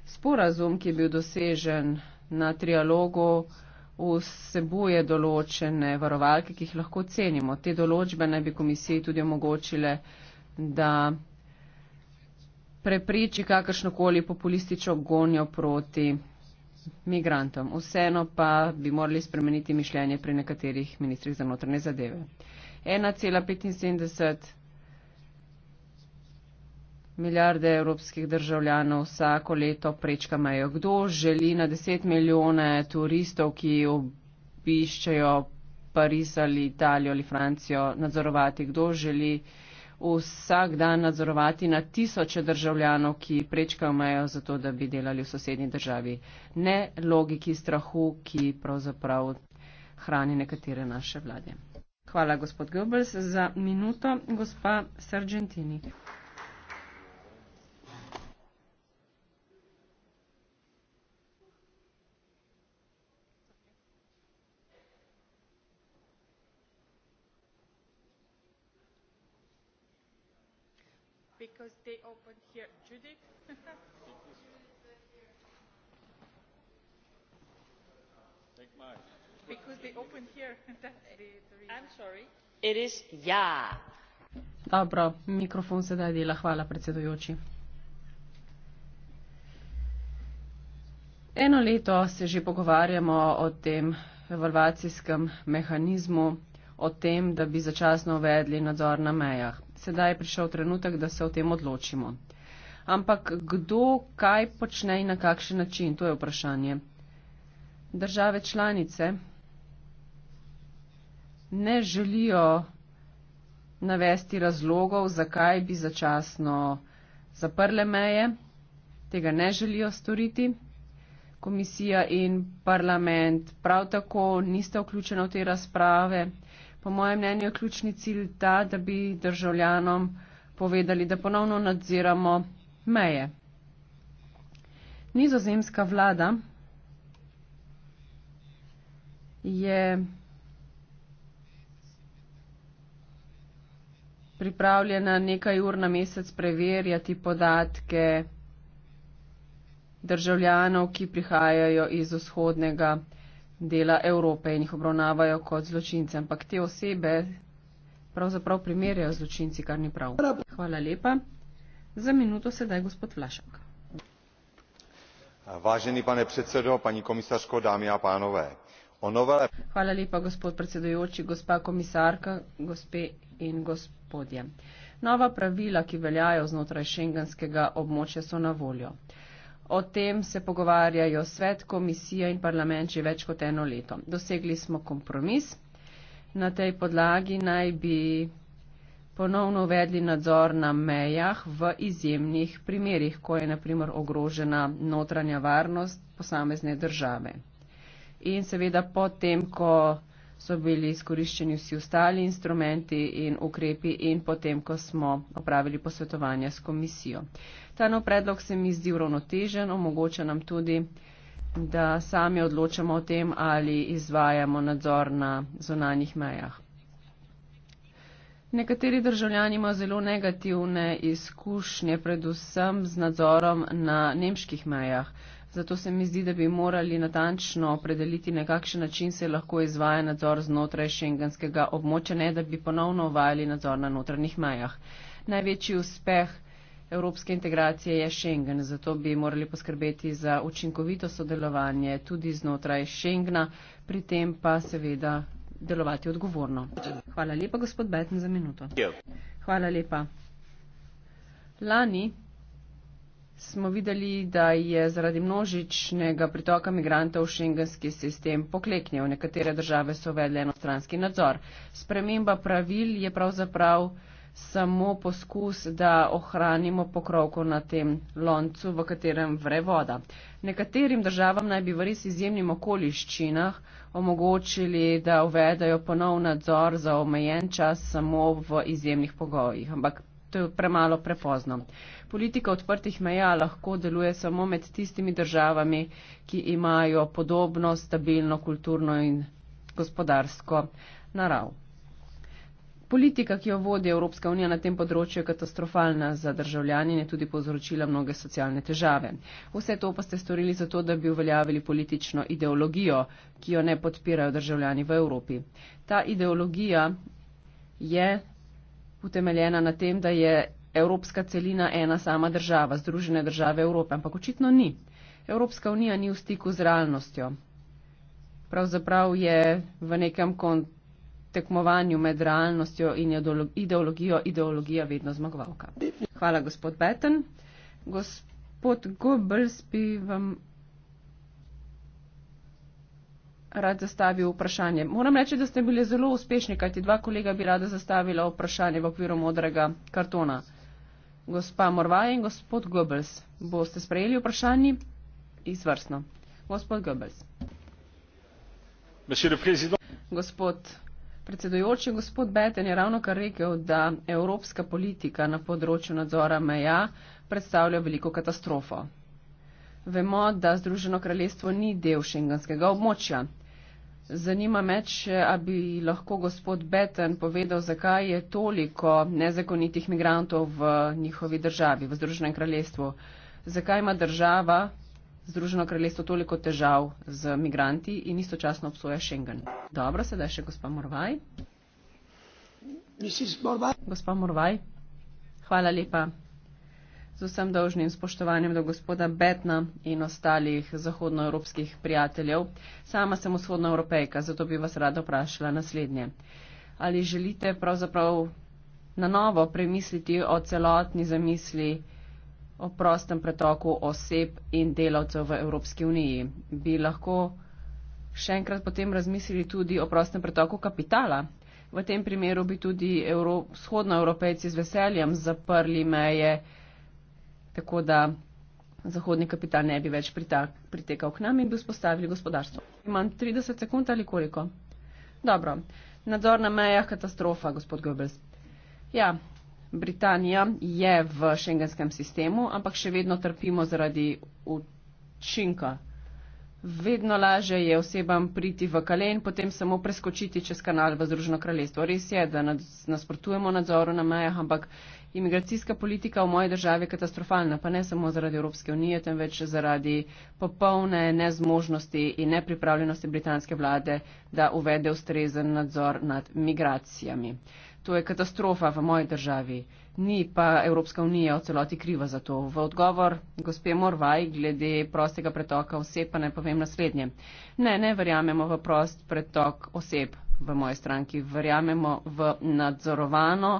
Sporazum, ki je bil dosežen na trialogu, vsebuje določene varovalke, ki jih lahko cenimo. Te določbe naj bi komisiji tudi omogočile, da prepriči kakršnokoli populistično gonjo proti migrantom. Vseeno pa bi morali spremeniti mišljenje pri nekaterih ministrih za notranje zadeve. 1,75 milijarde evropskih državljanov vsako leto prečka mejo. Kdo želi na 10 milijone turistov, ki obiščajo Pariz ali Italijo ali Francijo nadzorovati? Kdo želi vsak dan nadzorovati na tisoče državljanov, ki prečkajo mejo za to, da bi delali v sosednji državi? Ne logiki strahu, ki pravzaprav hrani nekatere naše vlade. Hvala, gospod Goebbels, za minuto, gospa Sargentini. here, Judy. Take mine. Because they open here. That's the I'm sorry. It is ja. Dobro, mikrofon sedaj dela. Hvala, predsedujoči. Eno leto se že pogovarjamo o tem evalvacijskem mehanizmu, o tem, da bi začasno uvedli nadzor na mejah. Sedaj je prišel trenutek, da se o tem odločimo ampak kdo kaj počne in na kakšen način, to je vprašanje. Države članice ne želijo navesti razlogov, zakaj bi začasno zaprle meje, tega ne želijo storiti. Komisija in parlament prav tako niste vključeni v te razprave. Po mojem mnenju je ključni cilj ta, da bi državljanom povedali, da ponovno nadziramo meje. Nizozemska vlada je pripravljena nekaj ur na mesec preverjati podatke državljanov, ki prihajajo iz vzhodnega dela Evrope in jih obravnavajo kot zločince. Ampak te osebe pravzaprav primerjajo zločinci, kar ni prav. Hvala lepa. Vážený pane predsedo, pani komisarko, dámy a pánové. O novele... Hvala lepa, gospod predsedujoči, gospa komisarka, gospe in gospodje. Nova pravila, ki veljajo znotraj šengenskega območja, so na voljo. O tem se pogovarjajo svet, komisija in parlament že več kot eno leto. Dosegli smo kompromis. Na tej podlagi naj bi ponovno uvedli nadzor na mejah v izjemnih primerjih, ko je naprimer ogrožena notranja varnost posamezne države. In seveda potem, ko so bili izkoriščeni vsi ostali instrumenti in ukrepi in potem, ko smo opravili posvetovanja s komisijo. Ta nov predlog se mi zdi uravnotežen, omogoča nam tudi, da sami odločamo o tem, ali izvajamo nadzor na zonanjih mejah. Nekateri državljani imajo zelo negativne izkušnje, predvsem z nadzorom na nemških mejah. Zato se mi zdi, da bi morali natančno opredeliti, na kakšen način se lahko izvaja nadzor znotraj šengenskega območja, ne da bi ponovno uvajali nadzor na notranjih mejah. Največji uspeh evropske integracije je šengen, zato bi morali poskrbeti za učinkovito sodelovanje tudi znotraj šengna, pri tem pa seveda delovati odgovorno. Hvala lepa, gospod Beten, za minuto. Ja. Hvala lepa. Lani smo videli, da je zaradi množičnega pritoka migrantov šengenski sistem pokleknil. Nekatere države so uvedle enostranski nadzor. Sprememba pravil je pravzaprav samo poskus, da ohranimo pokrovko na tem loncu, v katerem vre voda. Nekaterim državam naj bi v res izjemnim okoliščinah omogočili, da uvedajo ponov nadzor za omejen čas samo v izjemnih pogojih, ampak to je premalo prepozno. Politika odprtih meja lahko deluje samo med tistimi državami, ki imajo podobno, stabilno, kulturno in gospodarsko narav. Politika, ki jo vodi Evropska unija na tem področju, je katastrofalna za državljanje in je tudi povzročila mnoge socialne težave. Vse to pa ste storili zato, da bi uveljavili politično ideologijo, ki jo ne podpirajo državljani v Evropi. Ta ideologija je utemeljena na tem, da je Evropska celina ena sama država, Združene države Evrope, ampak očitno ni. Evropska unija ni v stiku z realnostjo. Pravzaprav je v nekem kontekstu tekmovanju med realnostjo in ideologijo, ideologija vedno zmagovalka. Hvala, gospod Beten. Gospod Goebbels bi vam rad zastavil vprašanje. Moram reči, da ste bili zelo uspešni, kajti dva kolega bi rada zastavila vprašanje v okviru modrega kartona. Gospa Morvaj in gospod Goebbels, boste sprejeli vprašanje? Izvrstno. Gospod Goebbels. Gospod Predsedujoči gospod Beten je ravno kar rekel, da evropska politika na področju nadzora meja predstavlja veliko katastrofo. Vemo, da Združeno kraljestvo ni del šengenskega območja. Zanima me, če bi lahko gospod Beten povedal, zakaj je toliko nezakonitih migrantov v njihovi državi, v Združenem kraljestvu. Zakaj ima država Združeno kraljestvo toliko težav z migranti in istočasno obsoja Schengen. Dobro, sedaj še gospa Morvaj. Gospa Morvaj, hvala lepa. Z vsem dolžnim spoštovanjem do gospoda Betna in ostalih zahodnoevropskih prijateljev. Sama sem vzhodna evropejka, zato bi vas rada vprašala naslednje. Ali želite pravzaprav na novo premisliti o celotni zamisli? o prostem pretoku oseb in delavcev v Evropski uniji. Bi lahko še enkrat potem razmislili tudi o prostem pretoku kapitala? V tem primeru bi tudi Evro, vzhodnoevropejci z veseljem zaprli meje, tako da zahodni kapital ne bi več pritekal k nam in bi vzpostavili gospodarstvo. Imam 30 sekund ali koliko? Dobro. Nadzor na mejah katastrofa, gospod Goebbels. Ja, Britanija je v šengenskem sistemu, ampak še vedno trpimo zaradi učinka. Vedno laže je osebam priti v kale in potem samo preskočiti čez kanal v Združeno kraljestvo. Res je, da nasprotujemo nadzoru na mejah, ampak imigracijska politika v moji državi je katastrofalna, pa ne samo zaradi Evropske unije, temveč zaradi popolne nezmožnosti in nepripravljenosti britanske vlade, da uvede ustrezen nadzor nad migracijami. To je katastrofa v moji državi. Ni pa Evropska unija v celoti kriva za to. V odgovor gospe Morvaj glede prostega pretoka oseb pa ne povem naslednje. Ne, ne verjamemo v prost pretok oseb v moji stranki. Verjamemo v nadzorovano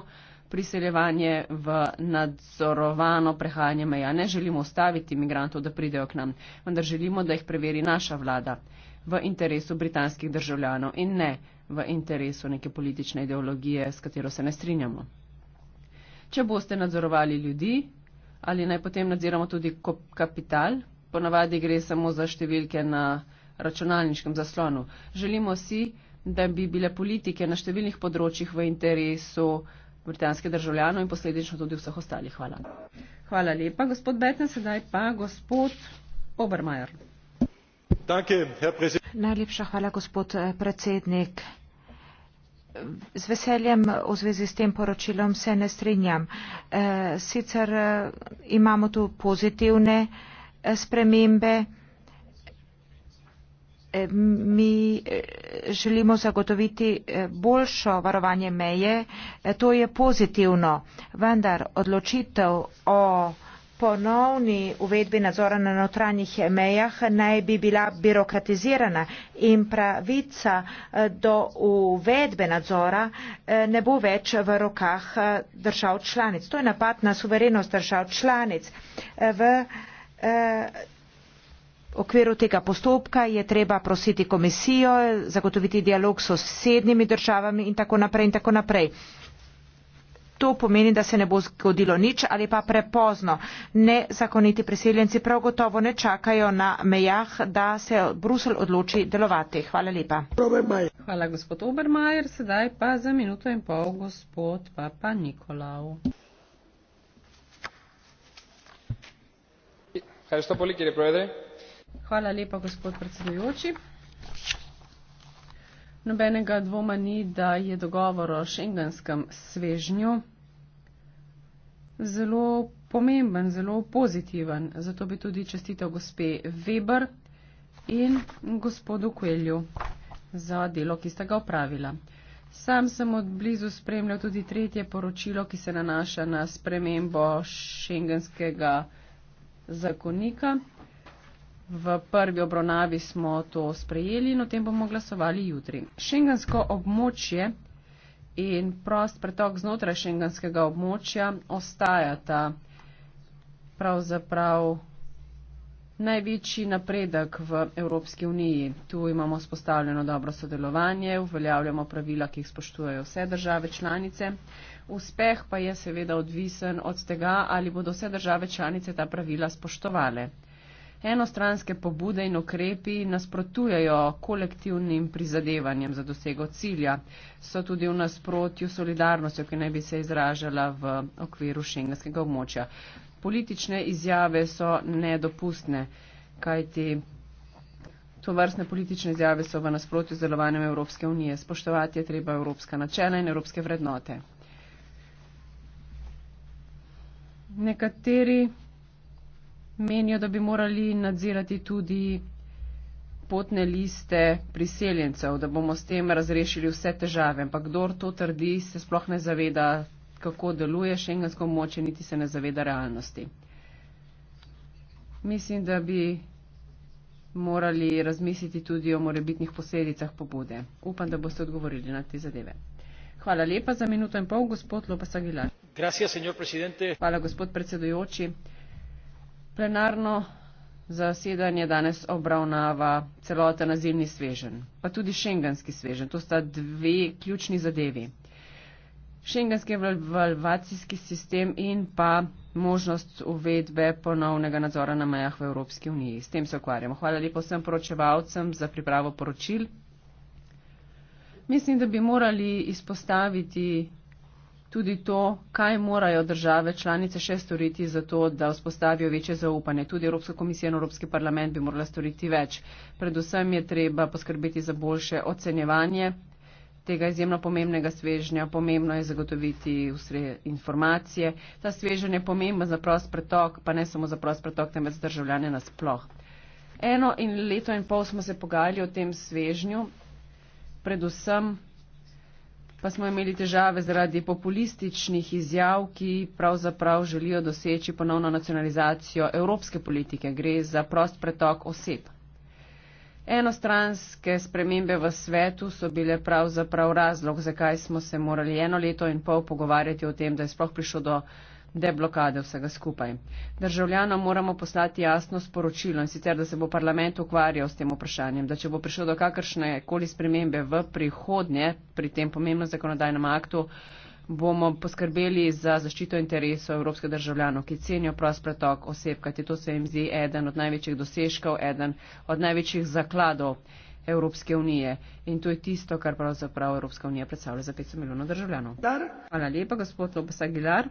priseljevanje, v nadzorovano prehajanje meja. Ne želimo ustaviti imigrantov, da pridejo k nam, vendar želimo, da jih preveri naša vlada v interesu britanskih državljanov. In ne, v interesu neke politične ideologije, s katero se ne strinjamo. Če boste nadzorovali ljudi, ali naj potem nadziramo tudi kapital, ponavadi gre samo za številke na računalniškem zaslonu. Želimo si, da bi bile politike na številnih področjih v interesu britanskih državljanov in posledično tudi vseh ostalih. Hvala. Hvala lepa, gospod Betten, sedaj pa gospod Obermajer. Najlepša hvala, gospod eh, predsednik. Z veseljem v zvezi s tem poročilom se ne strinjam. Eh, sicer eh, imamo tu pozitivne spremembe. Mi želimo zagotoviti boljšo varovanje meje, to je pozitivno, vendar odločitev o ponovni uvedbi nadzora na notranjih mejah naj bi bila birokratizirana in pravica eh, do uvedbe nadzora eh, ne bo več v rokah eh, držav članic. To je napad na suverenost držav članic. V V okviru tega postopka je treba prositi komisijo, zagotoviti dialog s sosednjimi državami in tako naprej in tako naprej to pomeni, da se ne bo zgodilo nič ali pa prepozno. Nezakoniti priseljenci prav gotovo ne čakajo na mejah, da se Brusel odloči delovati. Hvala lepa. Hvala gospod Obermajer, sedaj pa za minuto in pol gospod Papa Nikolau. Hvala lepa, gospod predsedujoči. Nobenega dvoma ni, da je dogovor o šengenskem svežnju zelo pomemben, zelo pozitiven. Zato bi tudi čestitev gospe Weber in gospodu Kuelju za delo, ki sta ga opravila. Sam sem od blizu spremljal tudi tretje poročilo, ki se nanaša na spremembo šengenskega zakonika. V prvi obravnavi smo to sprejeli in o tem bomo glasovali jutri. Šengensko območje in prost pretok znotraj šengenskega območja ostajata pravzaprav največji napredek v Evropski uniji. Tu imamo spostavljeno dobro sodelovanje, uveljavljamo pravila, ki jih spoštujejo vse države članice. Uspeh pa je seveda odvisen od tega, ali bodo vse države članice ta pravila spoštovale enostranske pobude in ukrepi nasprotujejo kolektivnim prizadevanjem za dosego cilja, so tudi v nasprotju solidarnostjo, ki naj bi se izražala v okviru šengenskega območja. Politične izjave so nedopustne, kajti. To vrstne politične izjave so v nasprotju z delovanjem Evropske unije. Spoštovati je treba evropska načela in evropske vrednote. Nekateri menijo, da bi morali nadzirati tudi potne liste priseljencev, da bomo s tem razrešili vse težave. Ampak kdo to trdi, se sploh ne zaveda, kako deluje šengensko moče, niti se ne zaveda realnosti. Mislim, da bi morali razmisliti tudi o morebitnih posledicah pobude. Upam, da boste odgovorili na te zadeve. Hvala lepa za minuto in pol, gospod Lopes Aguilar. Hvala, gospod predsedujoči. Plenarno zasedanje danes obravnava celoten nazivni svežen, pa tudi šengenski svežen. To sta dve ključni zadevi. Šengenski evalvacijski sistem in pa možnost uvedbe ponovnega nadzora na mejah v Evropski uniji. S tem se ukvarjamo. Hvala lepo vsem poročevalcem za pripravo poročil. Mislim, da bi morali izpostaviti tudi to, kaj morajo države članice še storiti za to, da vzpostavijo večje zaupanje. Tudi Evropska komisija in Evropski parlament bi morala storiti več. Predvsem je treba poskrbeti za boljše ocenjevanje tega izjemno pomembnega svežnja. Pomembno je zagotoviti vse informacije. Ta svežen je pomemben za prost pretok, pa ne samo za prost pretok, temveč za državljane nasploh. Eno in leto in pol smo se pogajali o tem svežnju. Predvsem pa smo imeli težave zaradi populističnih izjav, ki pravzaprav želijo doseči ponovno nacionalizacijo evropske politike. Gre za prost pretok oseb. Enostranske spremembe v svetu so bile pravzaprav razlog, zakaj smo se morali eno leto in pol pogovarjati o tem, da je sploh prišlo do deblokade vsega skupaj. Državljanom moramo poslati jasno sporočilo in sicer, da se bo parlament ukvarjal s tem vprašanjem, da če bo prišlo do kakršne koli spremembe v prihodnje pri tem pomembnem zakonodajnem aktu, bomo poskrbeli za zaščito interesov evropskih državljanov, ki cenijo prost pretok oseb, kajti to se jim zdi eden od največjih dosežkov, eden od največjih zakladov. Evropske unije. In to je tisto, kar pravzaprav Evropska unija predstavlja za 500 milijonov državljanov. Hvala lepa, gospod Lopes Aguilar.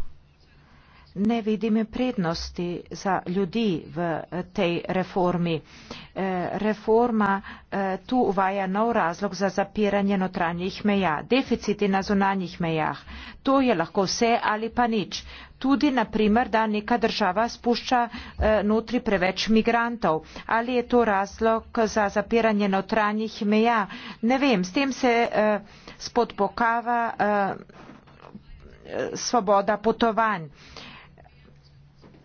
ne vidim prednosti za ljudi v eh, tej reformi. Eh, reforma eh, tu uvaja nov razlog za zapiranje notranjih meja, deficiti na zunanjih mejah. To je lahko vse ali pa nič. Tudi, na primer, da neka država spušča notri preveč migrantov. Ali je to razlog za zapiranje notranjih meja? Ne vem, s tem se spodpokava svoboda potovanj.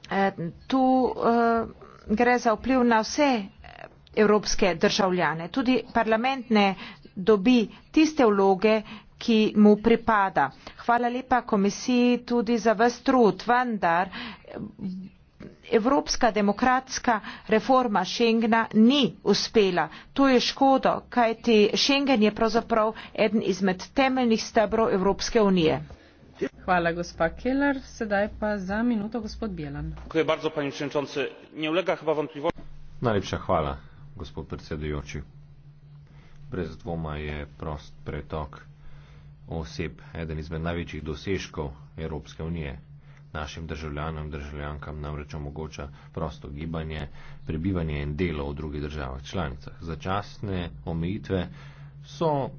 Eh, tu eh, gre za vpliv na vse evropske državljane tudi parlament ne dobi tiste vloge ki mu pripada hvala lepa komisiji tudi za ves trud vendar evropska demokratska reforma schengna ni uspela to je škoda kajti schengen je pravzaprav eden izmed temeljnih stebrov evropske unije Hvala, gospa Keller. Sedaj pa za minuto gospod Bielan. Dziękuję bardzo, panie przewodniczący. Nie ulega chyba wątpliwości. Najlepsza chwała, gospod predsedujący. Brez dvoma je prost pretok oseb eden izmed največjih dosežkov Evropske unije. Našim državljanom in državljankam namreč omogoča prosto gibanje, prebivanje in delo v drugih državah članicah. Začasne omejitve so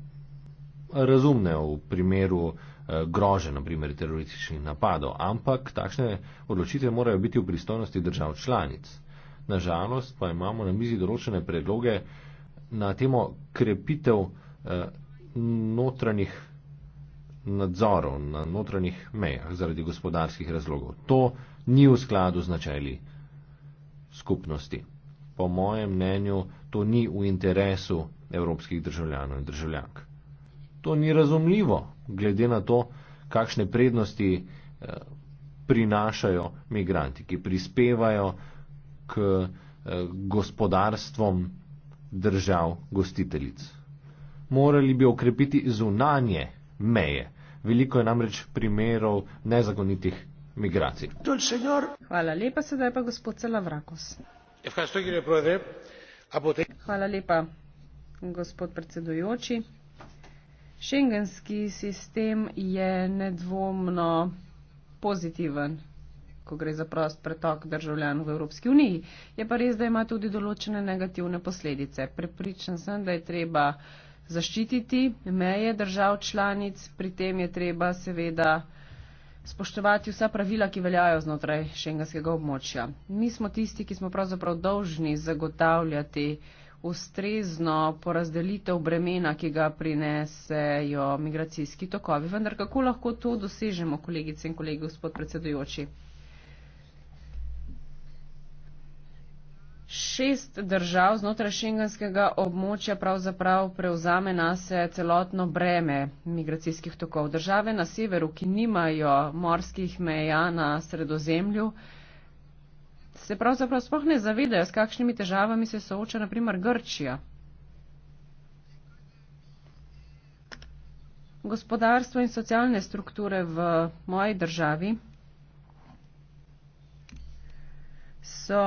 razumne v primeru Eh, grožen, naprimer terorističnih napadov, ampak takšne odločitve morajo biti v pristojnosti držav članic. Nažalost pa imamo na mizi določene predloge na temo krepitev eh, notranjih nadzorov na notranjih mejah zaradi gospodarskih razlogov. To ni v skladu z načeli skupnosti. Po mojem mnenju to ni v interesu evropskih državljanov in državljank. To ni razumljivo, glede na to, kakšne prednosti eh, prinašajo migranti, ki prispevajo k eh, gospodarstvom držav gostiteljic. Morali bi okrepiti zunanje meje. Veliko je namreč primerov nezakonitih migracij. Hvala lepa, sedaj pa gospod Celavrakos. Hvala lepa, gospod predsedujoči. Šengenski sistem je nedvomno pozitiven, ko gre za prost pretok državljanov v Evropski uniji. Je pa res, da ima tudi določene negativne posledice. Prepričan sem, da je treba zaščititi meje držav članic, pri tem je treba seveda spoštovati vsa pravila, ki veljajo znotraj šengenskega območja. Mi smo tisti, ki smo pravzaprav dolžni zagotavljati ustrezno porazdelitev bremena, ki ga prinesejo migracijski tokovi. Vendar kako lahko to dosežemo, kolegice in kolegi, gospod predsedujoči? Šest držav znotraj šengenskega območja pravzaprav prevzame nase celotno breme migracijskih tokov. Države na severu, ki nimajo morskih meja na sredozemlju, se pravzaprav sploh ne zavedajo, s kakšnimi težavami se sooča naprimer Grčija. Gospodarstvo in socialne strukture v moji državi so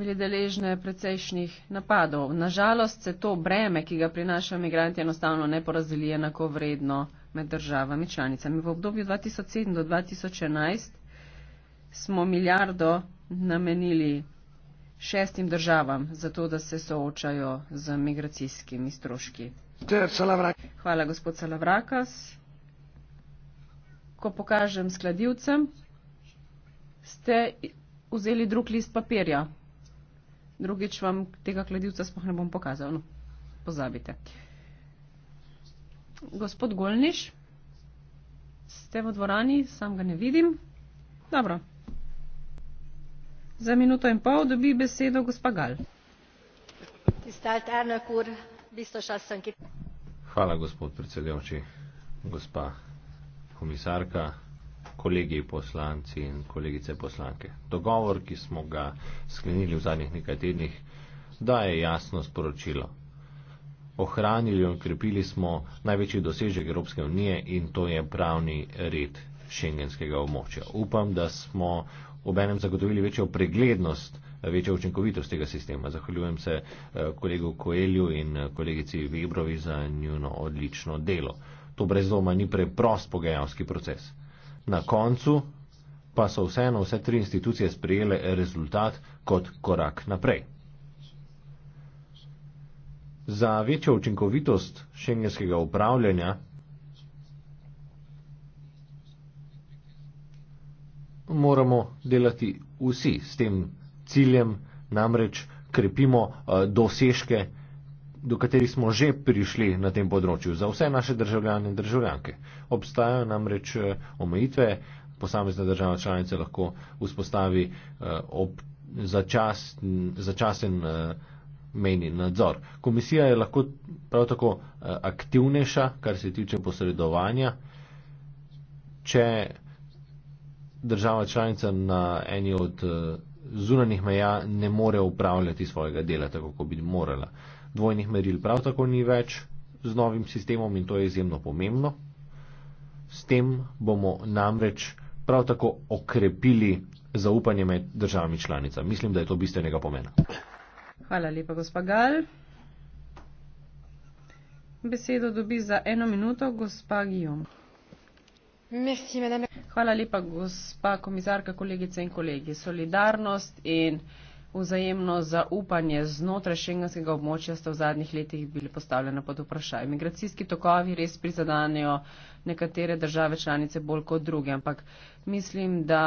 bili deležne precejšnjih napadov. Nažalost se to breme, ki ga prinašajo migranti, enostavno ne porazdeli enako vredno med državami članicami. V obdobju 2007 do 2011 smo milijardo namenili šestim državam, zato da se soočajo z migracijskimi stroški. Hvala, gospod Salavrakas. Ko pokažem skladivcem, ste vzeli drug list papirja. Drugič vam tega kladivca spoh ne bom pokazal. No, pozabite. Gospod Golniš, ste v dvorani, sam ga ne vidim. Dobro. Za minuto in pol dobi besedo gospa Gal. Tisztelt elnök úr, biztos asszony ki. Hvala, gospod predsedujoči, gospa komisarka, kolegi poslanci in kolegice poslanke. Dogovor, ki smo ga sklenili v zadnjih nekaj tednih, daje jasno sporočilo. Ohranili in krepili smo največji dosežek Evropske unije in to je pravni red šengenskega območja. Upam, da smo obenem zagotovili večjo preglednost, večjo učinkovitost tega sistema. Zahvaljujem se eh, kolegu Koelju in eh, kolegici Vibrovi za njuno odlično delo. To brez doma ni preprost pogajalski proces. Na koncu pa so vseeno vse tri institucije sprejele rezultat kot korak naprej. Za večjo učinkovitost šengenskega upravljanja moramo delati vsi s tem ciljem, namreč krepimo eh, dosežke, do katerih smo že prišli na tem področju za vse naše državljane in državljanke. Obstajajo namreč eh, omejitve, posamezna država članica lahko vzpostavi eh, ob začasn, začasen mejni nadzor. Komisija je lahko prav tako aktivnejša, kar se tiče posredovanja. Če država članica na eni od eh, zunanih meja ne more upravljati svojega dela tako, kot bi morala. Dvojnih meril prav tako ni več z novim sistemom in to je izjemno pomembno. S tem bomo namreč prav tako okrepili zaupanje med državami članica. Mislim, da je to bistvenega pomena. Hvala lepa, gospa Gal. Besedo dobi za eno minuto gospa Gijom. Hvala lepa, gospa komisarka, kolegice in kolegi. Solidarnost in vzajemno zaupanje znotraj šengenskega območja sta v zadnjih letih bili postavljena pod vprašaj. Migracijski tokovi res prizadanejo nekatere države članice bolj kot druge, ampak mislim, da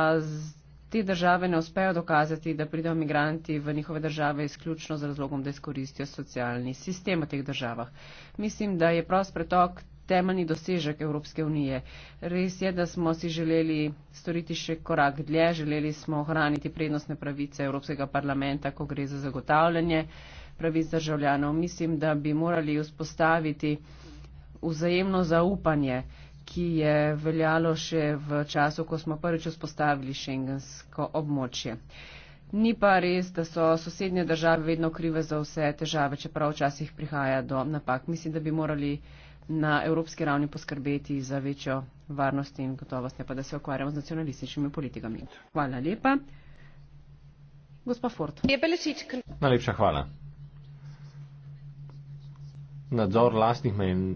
te države ne uspejo dokazati, da pridejo migranti v njihove države izključno z razlogom, da izkoristijo socialni sistem v teh državah. Mislim, da je prost pretok temeljni dosežek Evropske unije. Res je, da smo si želeli storiti še korak dlje, želeli smo ohraniti prednostne pravice Evropskega parlamenta, ko gre za zagotavljanje pravic državljanov. Mislim, da bi morali vzpostaviti vzajemno zaupanje, ki je veljalo še v času, ko smo prvič vzpostavili šengensko območje. Ni pa res, da so sosednje države vedno krive za vse težave, čeprav včasih prihaja do napak. Mislim, da bi morali na evropski ravni poskrbeti za večjo varnost in gotovost, ne pa da se okvarjamo z nacionalističnimi politikami. Hvala lepa. Gospa Ford. Najlepša hvala. Nadzor lastnih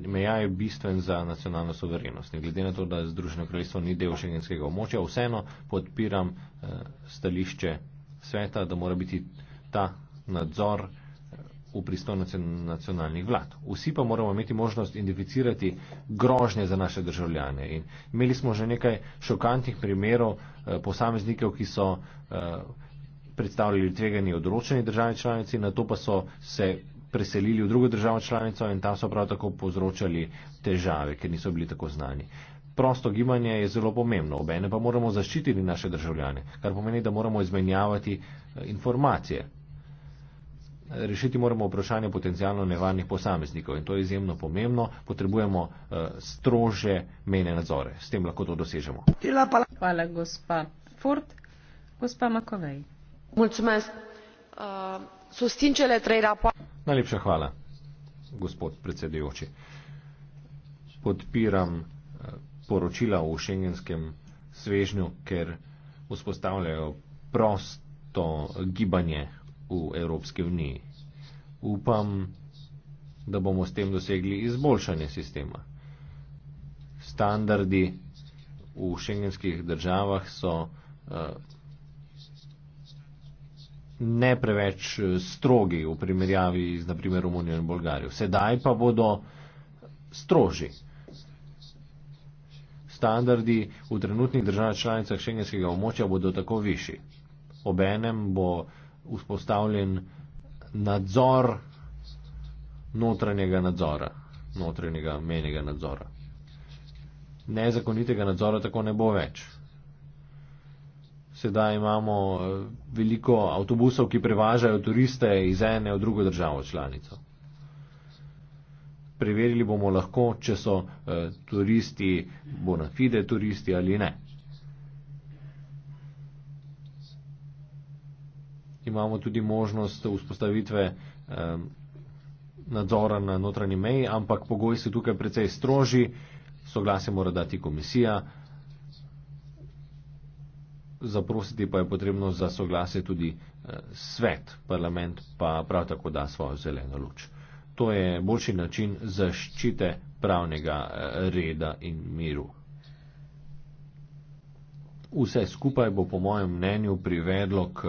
meja je bistven za nacionalno soverenost. In glede na to, da Združeno kraljestvo ni del šengenskega območja, vseeno podpiram eh, stališče sveta, da mora biti ta nadzor v pristojnosti nacionalnih vlad. Vsi pa moramo imeti možnost identificirati grožnje za naše državljane. In imeli smo že nekaj šokantnih primerov eh, posameznikov, ki so eh, predstavljali tveganje v določeni državi članici, na to pa so se preselili v drugo državo članico in tam so prav tako povzročali težave, ker niso bili tako znani. Prosto gibanje je zelo pomembno, obene pa moramo zaščititi naše državljane, kar pomeni, da moramo izmenjavati eh, informacije, rešiti moramo vprašanje potencijalno nevarnih posameznikov in to je izjemno pomembno. Potrebujemo uh, strože mene nadzore. S tem lahko to dosežemo. Hvala, gospa Ford. Gospa Makovej. Uh, Najlepša hvala, gospod predsedujoči. Podpiram eh, poročila v šengenskem svežnju, ker vzpostavljajo prosto gibanje v Evropski uniji. Upam, da bomo s tem dosegli izboljšanje sistema. Standardi v šengenskih državah so eh, ne preveč eh, strogi v primerjavi z, naprimer, Romunijo in Bolgarijo. Sedaj pa bodo stroži. Standardi v trenutnih državah članicah šengenskega območja bodo tako višji. Obenem bo vzpostavljen nadzor notranjega nadzora, notranjega menjega nadzora. Nezakonitega nadzora tako ne bo več. Sedaj imamo eh, veliko avtobusov, ki prevažajo turiste iz ene v drugo državo članico. Preverili bomo lahko, če so eh, turisti, bonafide turisti ali ne. imamo tudi možnost vzpostavitve nadzora na notranji meji, ampak pogoj se tukaj precej stroži, soglasje mora dati komisija, zaprositi pa je potrebno za soglasje tudi eh, svet, parlament pa prav tako da svojo zeleno luč. To je boljši način zaščite pravnega eh, reda in miru. Vse skupaj bo po mojem mnenju privedlo k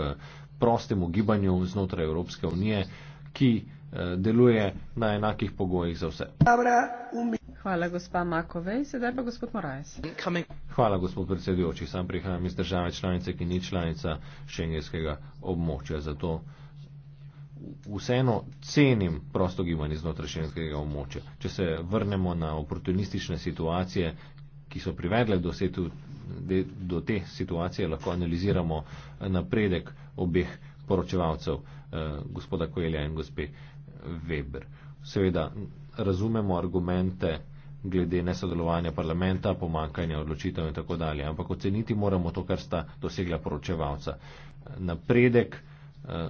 prostemu gibanju znotraj Evropske unije, ki eh, deluje na enakih pogojih za vse. Hvala, gospa Makovej. Sedaj pa gospod Morajes. Hvala, gospod predsedujoči. Sam prihajam iz države članice, ki ni članica šengenskega območja. Zato vseeno cenim prosto gibanje znotraj šengenskega območja. Če se vrnemo na oportunistične situacije, ki so privedle do do te situacije lahko analiziramo eh, napredek obeh poročevalcev, eh, gospoda Koelja in gospe Weber. Seveda razumemo argumente glede nesodelovanja parlamenta, pomankanja odločitev in tako dalje, ampak oceniti moramo to, kar sta dosegla poročevalca. Napredek eh,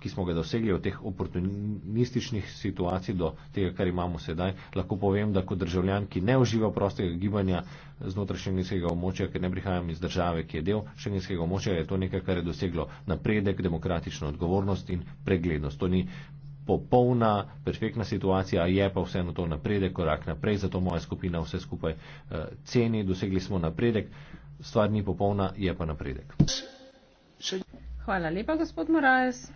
ki smo ga dosegli v teh oportunističnih situacij do tega, kar imamo sedaj, lahko povem, da kot državljan, ki ne uživa prostega gibanja znotraj šengenskega območja, ker ne prihajam iz države, ki je del šengenskega območja, je to nekaj, kar je doseglo napredek, demokratično odgovornost in preglednost. To ni popolna, perfektna situacija, je pa vseeno to napredek, korak naprej, zato moja skupina vse skupaj eh, ceni, dosegli smo napredek, stvar ni popolna, je pa napredek. Hvala lepa, gospod Moraes.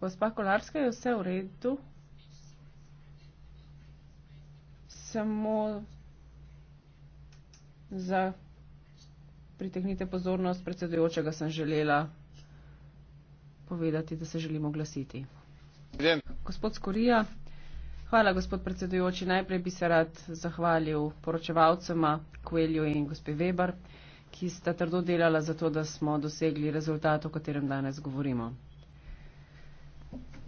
Gospa Kolarska, je vse v redu? Samo za pritehnite pozornost predsedujočega sem želela povedati, da se želimo glasiti. Zdjem. Gospod Skorija, hvala gospod predsedujoči. Najprej bi se rad zahvalil poročevalcema Kuelju in gospe Weber, ki sta trdo delala za to, da smo dosegli rezultat, o katerem danes govorimo.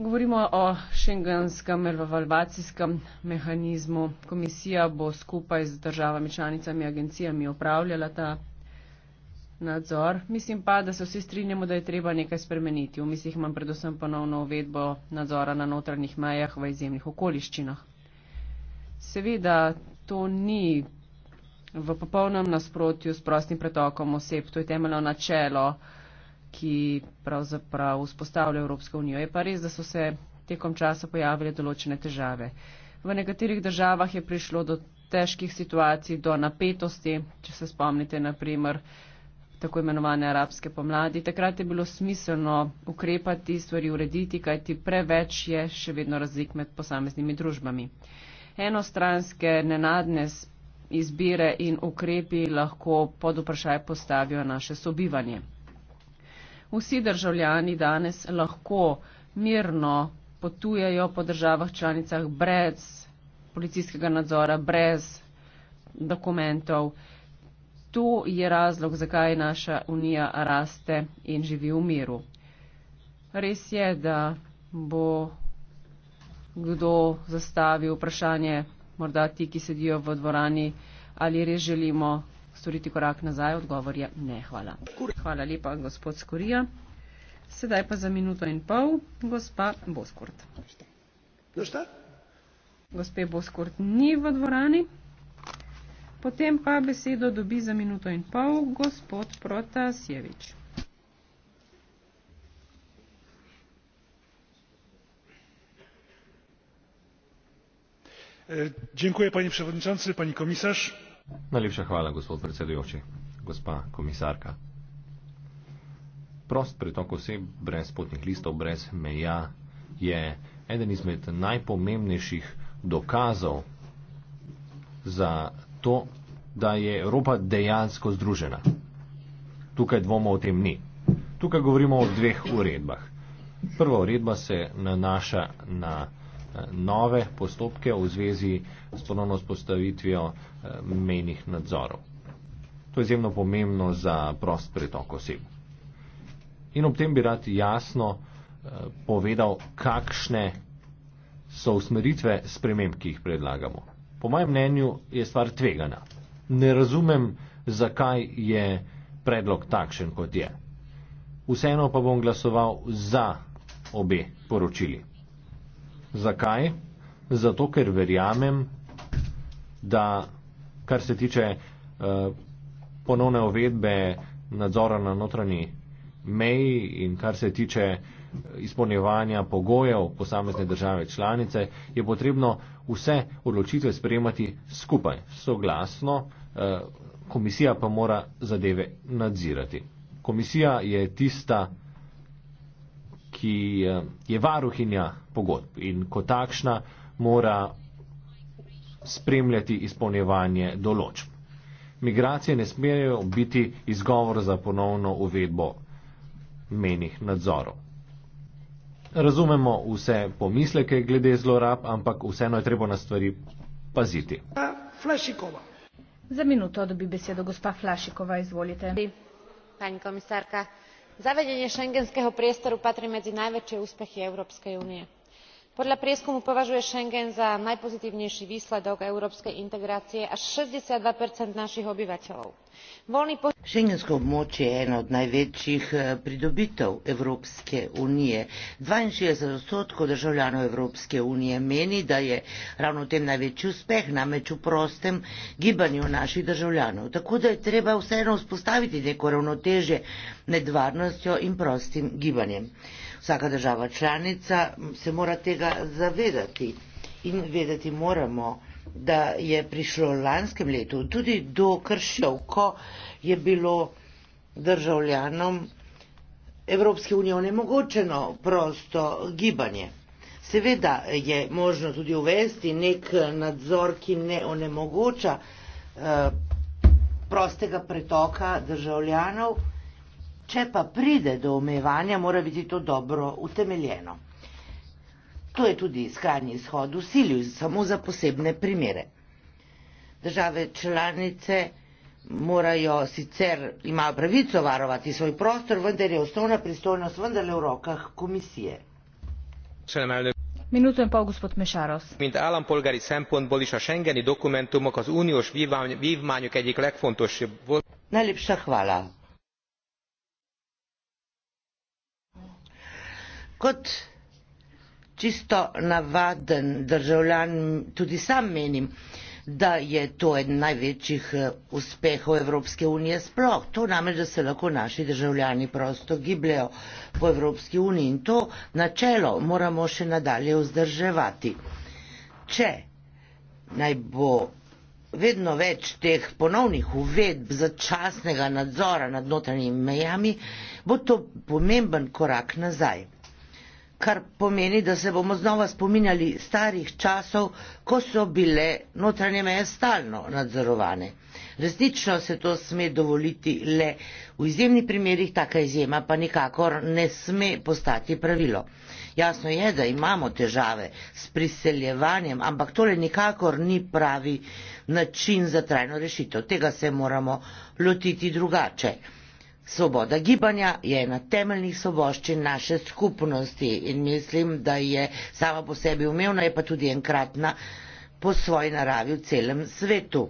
Govorimo o šengenskem evalvacijskem mehanizmu. Komisija bo skupaj z državami članicami agencijami upravljala ta nadzor. Mislim pa, da se vsi strinjamo, da je treba nekaj spremeniti. V mislih imam predvsem ponovno uvedbo nadzora na notranjih mejah v izjemnih okoliščinah. Seveda to ni v popolnem nasprotju s prostim pretokom oseb. To je temeljno načelo ki pravzaprav vzpostavlja Evropsko unijo. Je pa res, da so se tekom časa pojavile določene težave. V nekaterih državah je prišlo do težkih situacij, do napetosti, če se spomnite naprimer tako imenovane arabske pomladi. Takrat je bilo smiselno ukrepati, stvari urediti, kajti preveč je še vedno razlik med posameznimi družbami. Enostranske, nenadne izbire in ukrepi lahko pod vprašaj postavijo naše sobivanje vsi državljani danes lahko mirno potujejo po državah članicah brez policijskega nadzora, brez dokumentov. To je razlog, zakaj naša unija raste in živi v miru. Res je, da bo kdo zastavil vprašanje, morda ti, ki sedijo v dvorani, ali res želimo storiti korak nazaj, odgovor je ne, hvala. Hvala lepa, gospod Skorija. Sedaj pa za minuto in pol, gospa Boskurt. No šta? Gospe Boskurt ni v dvorani. Potem pa besedo dobi za minuto in pol gospod Protasjevič. E, dziękuję panie przewodniczący, pani komisarz. Najlepša hvala, gospod predsedujoči. Gospa komisarka. Prost pritok oseb brez potnih listov, brez meja je eden izmed najpomembnejših dokazov za to, da je Evropa dejansko združena. Tukaj dvoma o tem ni. Tukaj govorimo o dveh uredbah. Prva uredba se nanaša na nove postopke v zvezi s ponovno spostavitvijo eh, menih nadzorov. To je izjemno pomembno za prost pretok oseb. In ob tem bi rad jasno eh, povedal, kakšne so usmeritve sprememb, ki jih predlagamo. Po mojem mnenju je stvar tvegana. Ne razumem, zakaj je predlog takšen, kot je. Vseeno pa bom glasoval za obe poročili. Zakaj? Zato, ker verjamem, da kar se tiče eh, ponovne uvedbe nadzora na notranji meji in kar se tiče eh, izpolnjevanja pogojev posamezne države članice, je potrebno vse odločitve sprejemati skupaj, soglasno, eh, komisija pa mora zadeve nadzirati. Komisija je tista, ki eh, je varuhinja pogodb in kot takšna mora spremljati izpolnjevanje določb. Migracije ne smejo biti izgovor za ponovno uvedbo menih nadzorov. Razumemo vse pomisleke glede zlorab, ampak vseeno je treba na stvari paziti. Flašikova. Za minuto dobi besedo gospa Flašikova, izvolite. Pani komisarka, zavedanje šengenskega prostora patri med največje uspehe Evropske unije podľa prieskumu považuje schengen za najpozitívnejší výsledok európskej integrácie až sixty two našich obyvateľov. schengensko območje je eno od največjih pridobitev evropske unije dvainšestdeset odstotkov državljanov evropske unije meni da je ravno v tem največji uspeh namreč v prostem gibanju naših državljanov tako da je treba vseeno vzpostaviti neko ravnotežje med varnostjo in prostim gibanjem vsaka država članica se mora tega zavedati in vedeti moramo, da je prišlo v lanskem letu tudi do kršitev, ko je bilo državljanom Evropske unije onemogočeno prosto gibanje. Seveda je možno tudi uvesti nek nadzor, ki ne onemogoča uh, prostega pretoka državljanov. Če pa pride do omejevanja, mora biti to dobro utemeljeno. To je tudi skrajni izhod v silju, samo za posebne primere. Države članice morajo sicer, imajo pravico varovati svoj prostor, vendar je osnovna pristojnost vendarle v rokah komisije. Minuto in pol, gospod Mešaros. Mint állam polgari szempontból is a Schengeni dokumentumok az uniós vívmányok egyik legfontosabb. Najlepša hvala, kot čisto navaden državljan tudi sam menim, da je to eden največjih eh, uspehov Evropske unije sploh. To namreč, da se lahko naši državljani prosto gibljajo po Evropski uniji in to načelo moramo še nadalje vzdrževati. Če naj bo vedno več teh ponovnih uvedb začasnega nadzora nad notranjimi mejami, bo to pomemben korak nazaj kar pomeni, da se bomo znova spominjali starih časov, ko so bile notranje meje stalno nadzorovane. Resnično se to sme dovoliti le v izjemnih primerjih, taka izjema pa nikakor ne sme postati pravilo. Jasno je, da imamo težave s priseljevanjem, ampak tole nikakor ni pravi način za trajno rešitev. Tega se moramo lotiti drugače. Svoboda gibanja je ena temeljnih svoboščin naše skupnosti in mislim, da je sama po sebi umevna, je pa tudi enkratna po svoji naravi v celem svetu.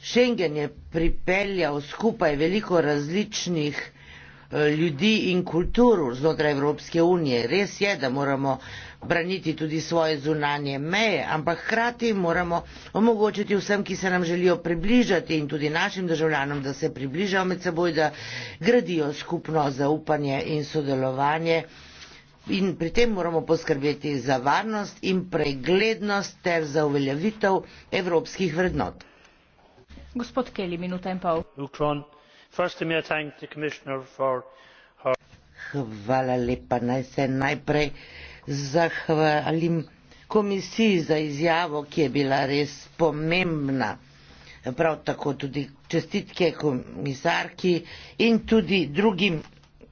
Schengen je pripeljal skupaj veliko različnih Eh, ljudi in kulturo znotraj Evropske unije. Res je, da moramo braniti tudi svoje zunanje meje, ampak hkrati moramo omogočiti vsem, ki se nam želijo približati in tudi našim državljanom, da se približajo med seboj, da gradijo skupno zaupanje in sodelovanje. In pri tem moramo poskrbeti za varnost in preglednost ter za uveljavitev evropskih vrednot. Gospod Keli, minuta in pol. Lukron naj se najprej zahvalim komisiji za izjavo ki je bila res pomembna prav tako tudi čestitke komisarki in tudi drugim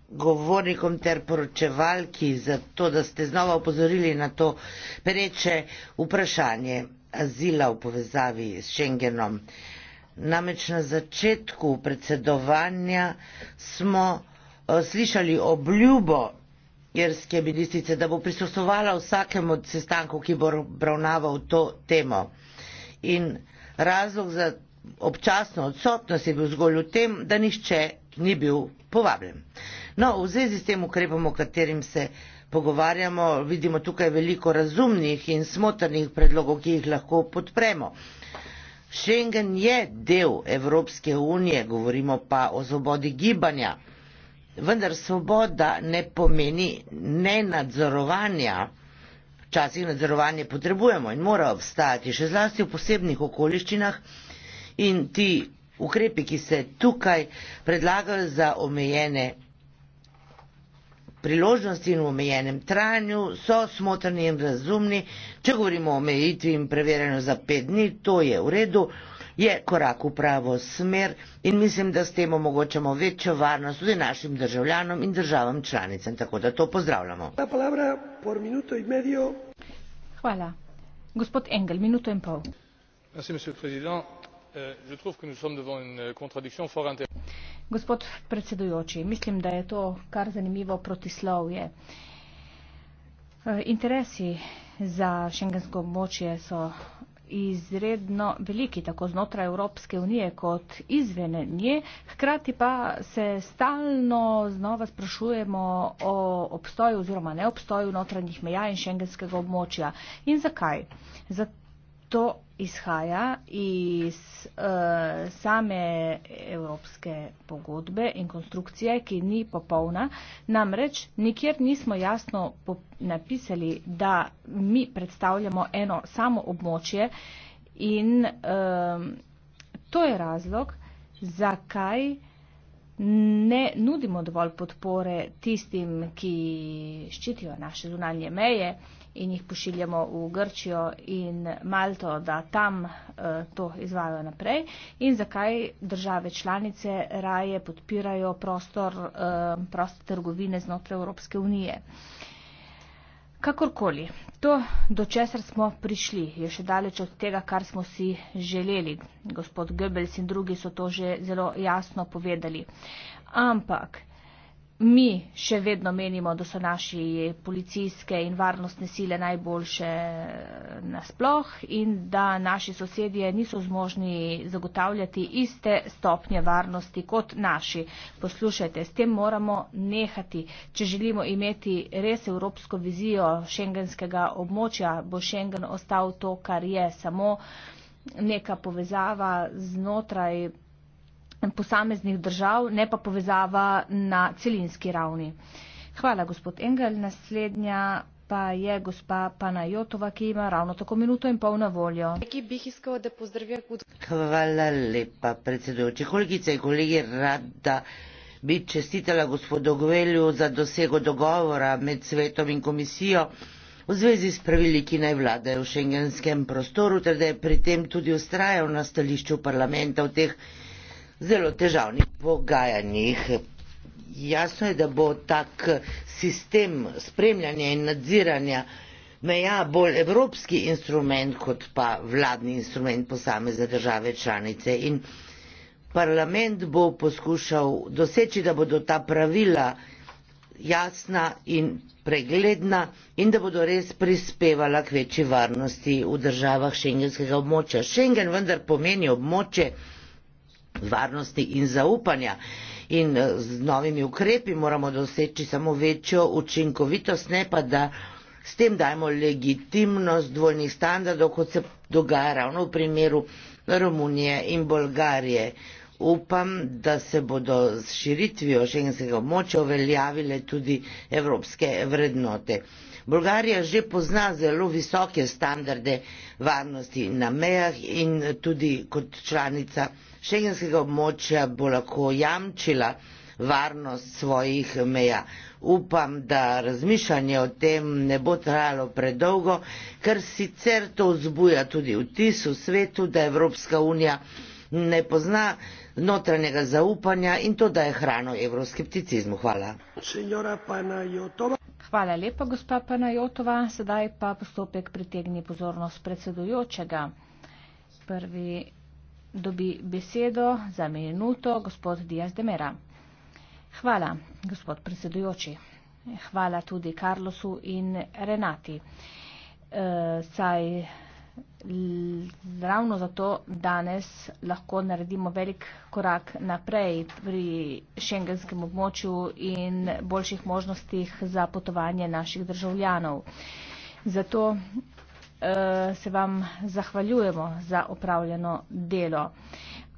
govornikom ter poročevalki za to da ste znova opozorili na to pereče vprašanje azila v povezavi s schengenom. Namreč na začetku predsedovanja smo eh, slišali obljubo irske ministrice, da bo prisostovala vsakemu sestanku, ki bo obravnaval to temo. In razlog za občasno odsotnost je bil zgolj v tem, da nišče ni bil povabljen. No, v zvezi s tem ukrepom, o katerim se pogovarjamo, vidimo tukaj veliko razumnih in smotrnih predlogov, ki jih lahko podpremo. Schengen je del Evropske unije, govorimo pa o svobodi gibanja. Vendar svoboda ne pomeni nenadzorovanja. Včasih nadzorovanje potrebujemo in mora obstajati, še zlasti v posebnih okoliščinah. In ti ukrepi, ki se tukaj predlagajo za omejene priložnosti in v omejenem trajanju so smotrni in razumni, če govorimo o omejitvi in preverjanju za pet dni, to je v redu, je korak v pravo smer in mislim, da s tem omogočamo večjo varnost tudi našim državljanom in državam članicam, tako da to pozdravljamo. Palabra, Hvala. Gospod Engel, minuto in pol. Merci, euh, Je trouve que nous sommes devant une euh, contradiction fort intéressante. Gospod predsedujoči, mislim, da je to kar zanimivo protislovje. Eh, interesi za šengensko območje so izredno veliki, tako znotraj Evropske unije kot izven nje. Hkrati pa se stalno znova sprašujemo o obstoju oziroma neobstoju notranjih meja in šengenskega območja. In zakaj? Zato to izhaja iz uh, same evropske pogodbe in konstrukcije, ki ni popolna. Namreč nikjer nismo jasno napisali, da mi predstavljamo eno samo območje in um, to je razlog, zakaj ne nudimo dovolj podpore tistim, ki ščitijo naše zunanje meje in jih pošiljamo v Grčijo in Malto, da tam eh, to izvajo naprej in zakaj države članice raje podpirajo prostor eh, proste trgovine znotraj Evropske unije. Kakorkoli, to, do česar smo prišli, je še daleč od tega, kar smo si želeli. Gospod Goebbels in drugi so to že zelo jasno povedali. Ampak mi še vedno menimo, da so naši policijske in varnostne sile najboljše nasploh in da naši sosedje niso zmožni zagotavljati iste stopnje varnosti kot naši. Poslušajte, s tem moramo nehati. Če želimo imeti res evropsko vizijo šengenskega območja, bo Schengen ostal to, kar je samo neka povezava znotraj posameznih držav, ne pa povezava na celinski ravni. Hvala, gospod Engel. Naslednja pa je gospa Panajotova, ki ima ravno tako minuto in pol na voljo. Hvala lepa, predsedujoči. Kolegice in kolegi, rada bi čestitala gospodu Gvelju za dosego dogovora med svetom in komisijo v zvezi s pravili, ki naj vladajo v šengenskem prostoru, ter da je pri tem tudi ustrajal na stališču parlamenta v teh zelo težavnih pogajanjih. Jasno je, da bo tak sistem spremljanja in nadziranja meja bolj evropski instrument kot pa vladni instrument posamezne države članice. In parlament bo poskušal doseči, da bodo ta pravila jasna in pregledna in da bodo res prispevala k večji varnosti v državah šengenskega območja. Šengen vendar pomeni območje, varnosti in zaupanja. In eh, z novimi ukrepi moramo doseči samo večjo učinkovitost, ne pa da s tem dajemo legitimnost dvojnih standardov, kot se dogaja ravno v primeru Romunije in Bolgarije. Upam, da se bodo s širitvijo šengenskega območja uveljavile tudi evropske vrednote. Bolgarija že pozna zelo visoke standarde varnosti na mejah in tudi kot članica šengenskega območja bo lahko jamčila varnost svojih meja. Upam, da razmišljanje o tem ne bo trajalo predolgo, ker sicer to vzbuja tudi vtis v svetu, da Evropska unija ne pozna notranjega zaupanja in to daje hrano evroskepticizmu. Hvala. Hvala lepa, gospa Panajotova. Sedaj pa postopek pritegni pozornost predsedujočega. Prvi dobi besedo za minuto gospod Dijaz Demera. Hvala, gospod predsedujoči. Hvala tudi Karlosu in Renati. E, saj ravno zato danes lahko naredimo velik korak naprej pri šengenskem območju in boljših možnostih za potovanje naših državljanov. Zato eh, se vam zahvaljujemo za opravljeno delo.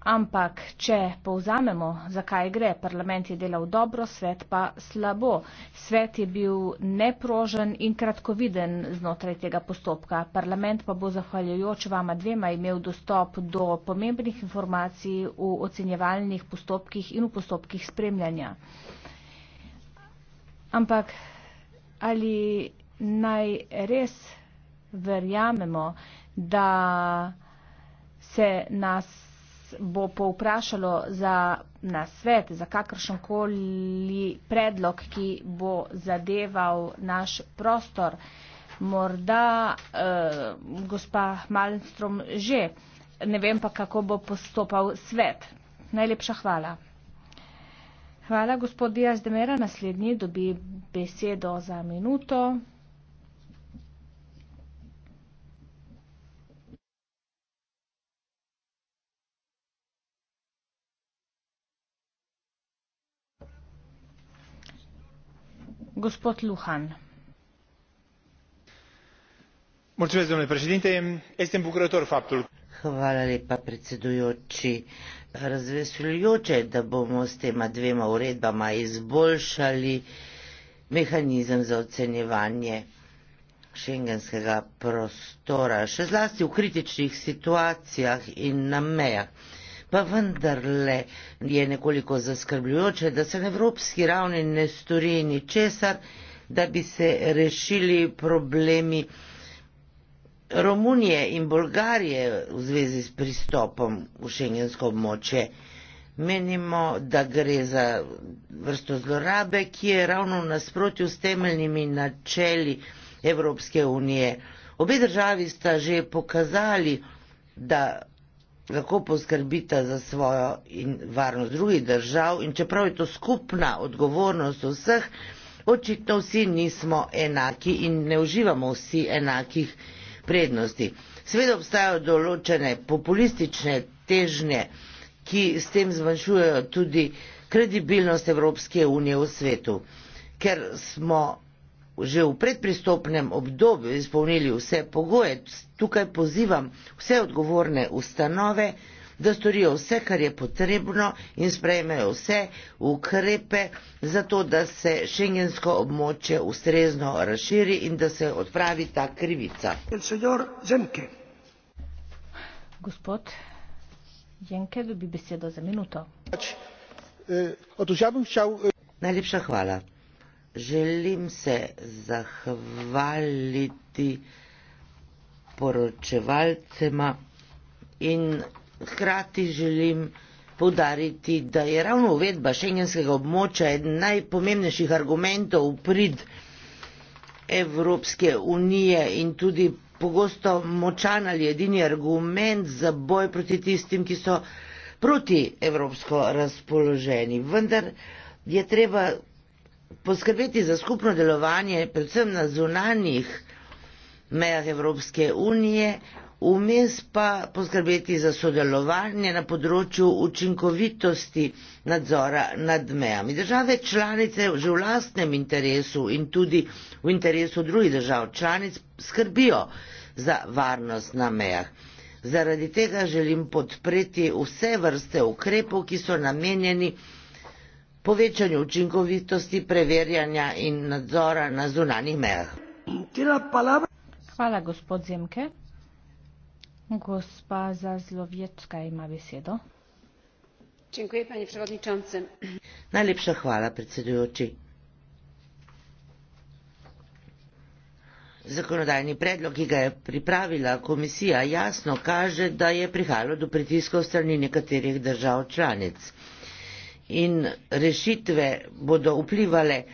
Ampak, če povzamemo, zakaj gre, parlament je delal dobro, svet pa slabo. Svet je bil neprožen in kratkoviden znotraj tega postopka. Parlament pa bo zahvaljujoč vama dvema imel dostop do pomembnih informacij v ocenjevalnih postopkih in v postopkih spremljanja. Ampak, ali naj res verjamemo, da se nas bo povprašalo za nasvet, za kakršen koli predlog, ki bo zadeval naš prostor. Morda eh, gospa Malmstrom že, ne vem pa, kako bo postopal svet. Najlepša hvala. Hvala, gospod Diaz Demera. Naslednji dobi besedo za minuto. gospod Luhan. Mulțumesc, domnule președinte. Este îmbucurător faptul. Hvala lepa, predsedujoči. Razveseljujoče, da bomo s tema dvema uredbama izboljšali mehanizem za ocenjevanje šengenskega prostora, še zlasti v kritičnih situacijah in na mejah pa vendarle je nekoliko zaskrbljujoče, da se na evropski ravni ne stori ničesar, da bi se rešili problemi Romunije in Bolgarije v zvezi s pristopom v šengensko območje. Menimo, da gre za vrsto zlorabe, ki je ravno v nasprotju s temeljnimi načeli Evropske unije. Obe državi sta že pokazali, da lahko poskrbita za svojo in varnost drugih držav in čeprav je to skupna odgovornost vseh, očitno vsi nismo enaki in ne uživamo vsi enakih prednosti. Sveda obstajajo določene populistične težnje, ki s tem zmanjšujejo tudi kredibilnost Evropske unije v svetu, ker smo že v predpristopnem obdobju izpolnili vse pogoje, tukaj pozivam vse odgovorne ustanove, da storijo vse, kar je potrebno in sprejmejo vse ukrepe za to, da se šengensko območje ustrezno razširi in da se odpravi ta krivica. Gospod Jenke, dobi besedo za minuto. Eh, ja eh, Najlepša hvala želim se zahvaliti poročevalcema in hkrati želim podariti, da je ravno uvedba šengenskega območja eden najpomembnejših argumentov prid Evropske unije in tudi pogosto močan ali edini argument za boj proti tistim, ki so proti evropsko razpoloženi. Vendar je treba poskrbeti za skupno delovanje, predvsem na zunanjih mejah Evropske unije, vmes pa poskrbeti za sodelovanje na področju učinkovitosti nadzora nad mejami. Države članice že v lastnem interesu in tudi v interesu drugih držav članic skrbijo za varnost na mejah. Zaradi tega želim podpreti vse vrste ukrepov, ki so namenjeni povečanju učinkovitosti preverjanja in nadzora na zunanih mejah. Hvala, gospod Zemke. Gospa Zazlovječka ima besedo. Najlepša hvala, predsedujoči. Zakonodajni predlog, ki ga je pripravila komisija, jasno kaže, da je prihajalo do pritiskov strani nekaterih držav članic in rešitve bodo vplivale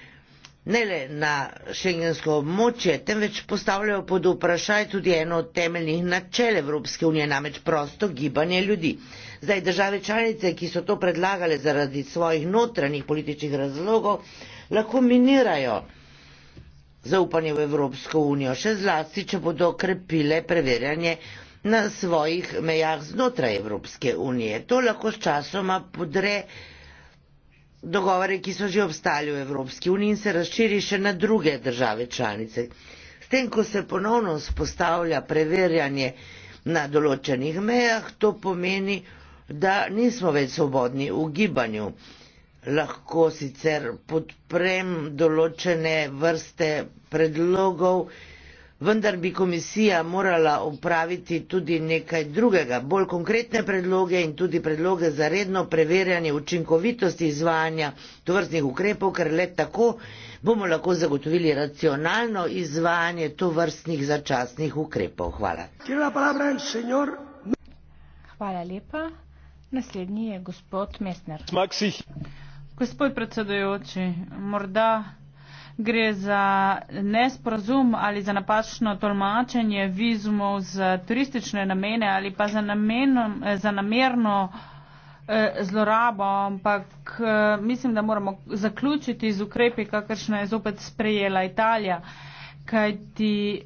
ne le na šengensko območje, temveč postavljajo pod vprašaj tudi eno od temeljnih načel Evropske unije, namreč prosto gibanje ljudi. Zdaj države članice, ki so to predlagale zaradi svojih notranjih političnih razlogov, lahko minirajo zaupanje v Evropsko unijo, še zlasti, če bodo krepile preverjanje na svojih mejah znotraj Evropske unije. To lahko s časoma podre dogovore, ki so že obstali v Evropski uniji in se razširi še na druge države članice. S tem, ko se ponovno spostavlja preverjanje na določenih mejah, to pomeni, da nismo več svobodni v gibanju. Lahko sicer podprem določene vrste predlogov, vendar bi komisija morala upraviti tudi nekaj drugega, bolj konkretne predloge in tudi predloge za redno preverjanje učinkovitosti izvajanja tovrstnih ukrepov, ker le tako bomo lahko zagotovili racionalno izvajanje tovrstnih začasnih ukrepov. Hvala. Hvala lepa. Naslednji je gospod Mesner. Gospod predsedujoči, morda gre za nesporazum ali za napačno tolmačenje vizumov za turistične namene ali pa za, namen, eh, za namerno eh, zlorabo, ampak eh, mislim, da moramo zaključiti z ukrepi, kakršne je zopet sprejela Italija, kajti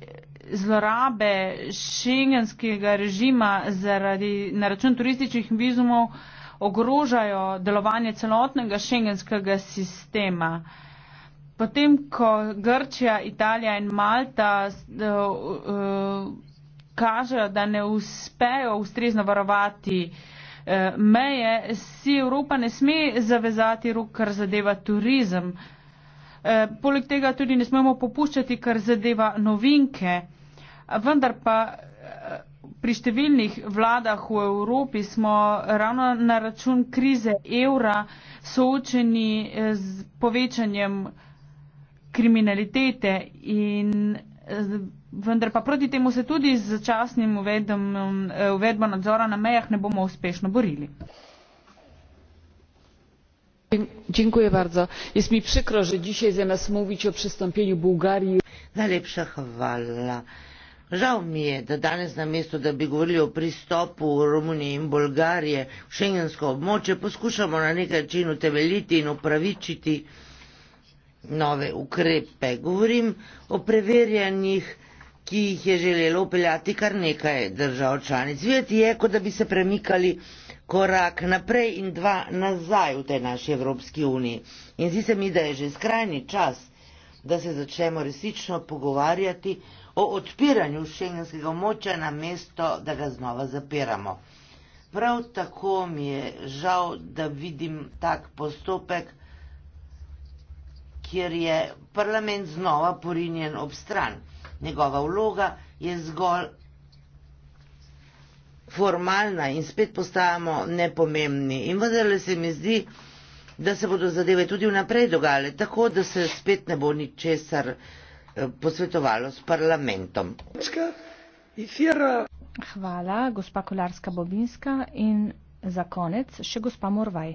zlorabe šengenskega režima zaradi, na račun turističnih vizumov ogrožajo delovanje celotnega šengenskega sistema. Potem, ko Grčija, Italija in Malta eh, eh, kažejo, da ne uspejo ustrezno varovati eh, meje, si Evropa ne sme zavezati rok, kar zadeva turizem. Poleg tega tudi ne smemo popuščati, kar zadeva novinke. Vendar pa pri številnih vladah v Evropi smo ravno na račun krize evra soočeni z povečanjem kriminalitete in eh, vendar pa proti temu se tudi z začasnim uvedom, eh, uvedbo nadzora na mejah ne bomo uspešno borili. Dziękuję bardzo. Jest mi przykro, że dzisiaj zamiast mówić o przystąpieniu Bułgarii... Najlepsza chwala. Żał mi je, da danes na miejscu, da by mówili o przystopu Rumunii i Bułgarii, w szengenską območie, poskuszamo na niekaj czyn utemeliti i upravičiti nove ukrepe. Govorim o preverjanjih, ki jih je želelo upeljati kar nekaj držav članic. Videti je, kot da bi se premikali korak naprej in dva nazaj v tej naši Evropski uniji. In zdi se mi, da je že skrajni čas, da se začnemo resnično pogovarjati o odpiranju šengenskega moča na mesto, da ga znova zapiramo. Prav tako mi je žal, da vidim tak postopek, kjer je parlament znova porinjen ob stran. Njegova vloga je zgolj formalna in spet postajamo nepomembni. In vendar se mi zdi, da se bodo zadeve tudi vnaprej dogajale, tako da se spet ne bo ničesar eh, posvetovalo s parlamentom. Hvala, gospa Kolarska Bobinska in za konec še gospa Morvaj.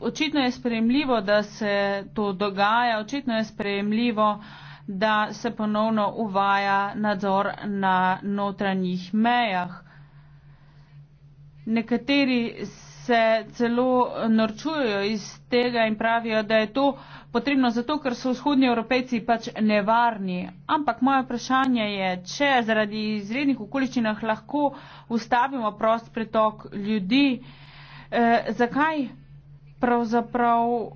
očitno je sprejemljivo, da se to dogaja, očitno je sprejemljivo, da se ponovno uvaja nadzor na notranjih mejah. Nekateri se celo norčujejo iz tega in pravijo, da je to potrebno zato, ker so vzhodni evropejci pač nevarni. Ampak moje vprašanje je, če zaradi izrednih okoliščinah lahko ustavimo prost pretok ljudi, eh, zakaj pravzaprav uh,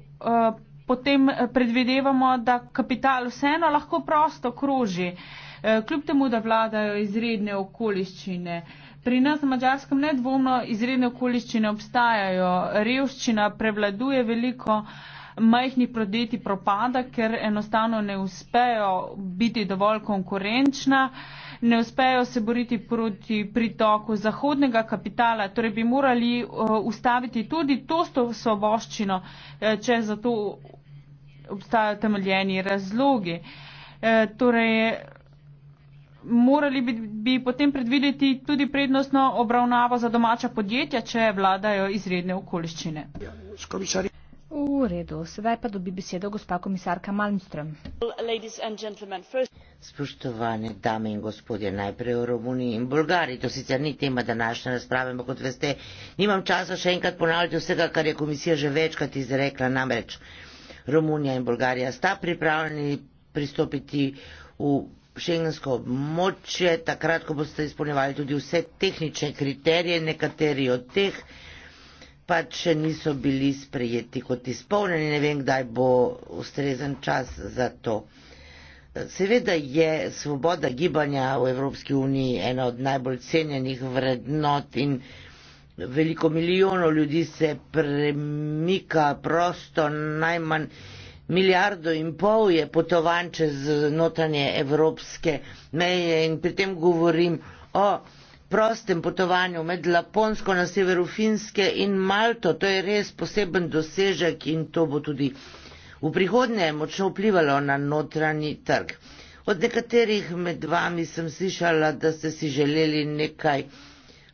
potem eh, predvidevamo, da kapital vseeno lahko prosto kroži, uh, kljub temu, da vladajo izredne okoliščine. Pri nas na Mačarskem nedvomno izredne okoliščine obstajajo, revščina prevladuje veliko majhnih prodeti propada, ker enostavno ne uspejo biti dovolj konkurenčna. Uh, ne uspejo se boriti proti pritoku zahodnega kapitala, torej bi morali eh, ustaviti tudi to soboščino, eh, če za to obstajajo temeljeni razlogi. Eh, torej, morali bi, bi potem predvideti tudi prednostno obravnavo za domača podjetja, če vladajo izredne okoliščine. Ja, V redu. Sedaj pa dobi besedo gospa komisarka Malmström. Spoštovane dame in gospodje, najprej o Romuniji in Bolgariji. To sicer ni tema današnje razprave, ampak kot veste, nimam časa še enkrat ponavljati vsega, kar je komisija že večkrat izrekla. Namreč Romunija in Bolgarija sta pripravljeni pristopiti v šengensko območje, takrat, ko boste izpolnjevali tudi vse tehnične kriterije, nekateri od teh pač še niso bili sprejeti kot izpolnjeni. Ne vem, kdaj bo ustrezen čas za to. Seveda je svoboda gibanja v Evropski uniji ena od najbolj cenjenih vrednot in veliko milijonov ljudi se premika prosto, najmanj milijardo in pol je potovanče z notranje evropske meje in pri tem govorim o oh, prostem potovanju med Laponsko na severu Finske in Malto. To je res poseben dosežek in to bo tudi v prihodnje močno vplivalo na notranji trg. Od nekaterih med vami sem slišala, da ste si želeli nekaj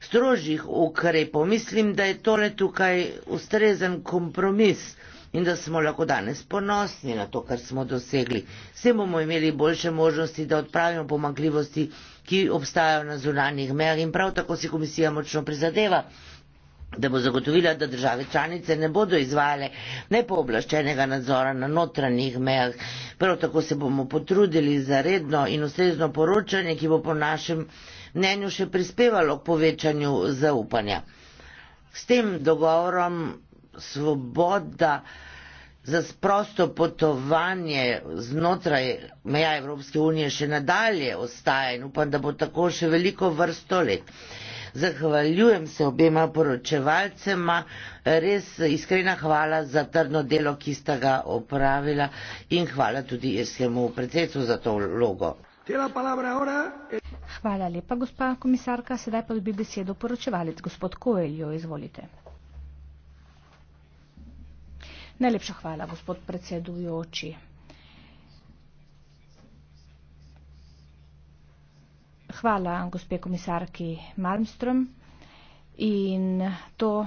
strožjih ukrepov. Mislim, da je tole tukaj ustrezen kompromis in da smo lahko danes ponosni na to, kar smo dosegli. Vse bomo imeli boljše možnosti, da odpravimo pomankljivosti, ki obstajajo na zunanjih mejah in prav tako si komisija močno prizadeva da bo zagotovila, da države članice ne bodo izvajale nepooblaščenega nadzora na notranjih mejah. Prav tako se bomo potrudili za redno in ustrezno poročanje, ki bo po našem mnenju še prispevalo k povečanju zaupanja. S tem dogovorom svoboda za prosto potovanje znotraj meja Evropske unije še nadalje ostaja in upam, da bo tako še veliko vrsto let. Zahvaljujem se obema poročevalcema, res iskrena hvala za trdno delo, ki sta ga opravila in hvala tudi irskemu predsedcu za to vlogo. Hvala lepa, gospa komisarka. Sedaj pa dobi besedo poročevalec, gospod Koeljo, izvolite. Najlepša hvala, gospod predsedujoči. Hvala gospe komisarki Malmström in to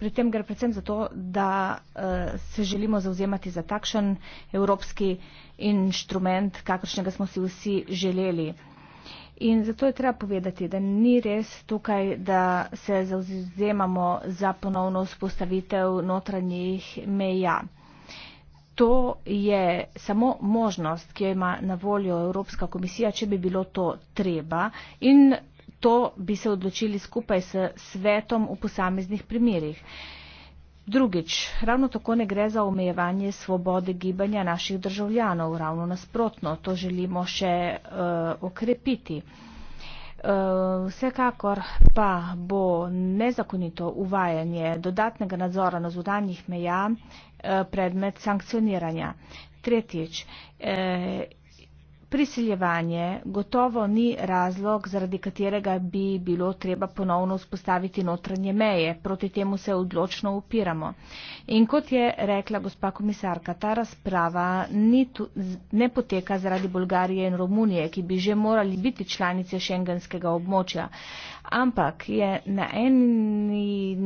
pri tem gre predvsem zato, da uh, se želimo zauzemati za takšen evropski inštrument, kakršnega smo si vsi želeli. In zato je treba povedati, da ni res tukaj, da se zauzemamo za ponovno vzpostavitev notranjih meja. To je samo možnost, ki jo ima na voljo Evropska komisija, če bi bilo to treba in to bi se odločili skupaj s svetom v posameznih primerjih. Drugič, ravno tako ne gre za omejevanje svobode gibanja naših državljanov, ravno nasprotno, to želimo še uh, okrepiti. Uh, vsekakor pa bo nezakonito uvajanje dodatnega nadzora na zvodanjih meja uh, predmet sankcioniranja. Tretjič, uh, Prisiljevanje gotovo ni razlog, zaradi katerega bi bilo treba ponovno vzpostaviti notranje meje. Proti temu se odločno upiramo. In kot je rekla gospa komisarka, ta razprava tu, ne poteka zaradi Bolgarije in Romunije, ki bi že morali biti članice šengenskega območja, ampak je na en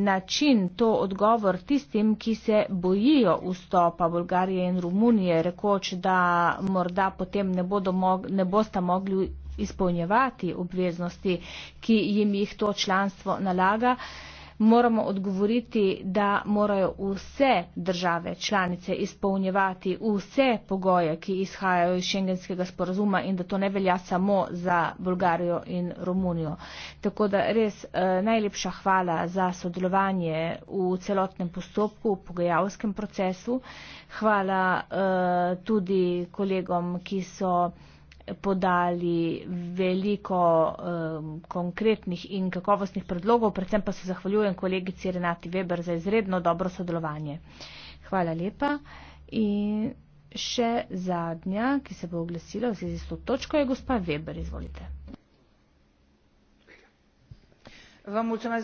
način to odgovor tistim, ki se bojijo vstopa Bolgarije in Romunije, rekoč, da morda potem ne, mog, ne bosta mogli izpolnjevati obveznosti, ki jim jih to članstvo nalaga moramo odgovoriti, da morajo vse države članice izpolnjevati vse pogoje, ki izhajajo iz šengenskega sporazuma in da to ne velja samo za Bolgarijo in Romunijo. Tako da res eh, najlepša hvala za sodelovanje v celotnem postopku, v pogajalskem procesu. Hvala eh, tudi kolegom, ki so podali veliko um, konkretnih in kakovostnih predlogov, predvsem pa se zahvaljujem kolegici Renati Weber za izredno dobro sodelovanje. Hvala lepa. In še zadnja, ki se bo oglasila v zvezi s to točko, je gospa Weber. Izvolite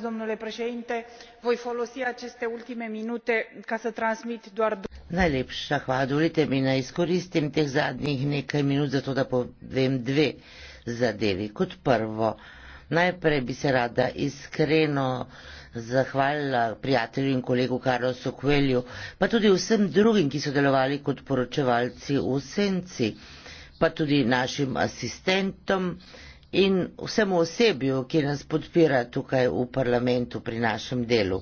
domnule președinte voi folosi aceste ultime minute ca să transmit doar două. najlepša hvala dovolite mi naj izkoristim teh zadnjih nekaj minut zato da povem dve zadevi kot prvo najprej bi se rada iskreno zahvalila prijatelju in kolegu karlosu kuelju pa tudi vsem drugim ki so delovali kot poročevalci v senci pa tudi našim asistentom in vsemu osebju, ki nas podpira tukaj v parlamentu pri našem delu.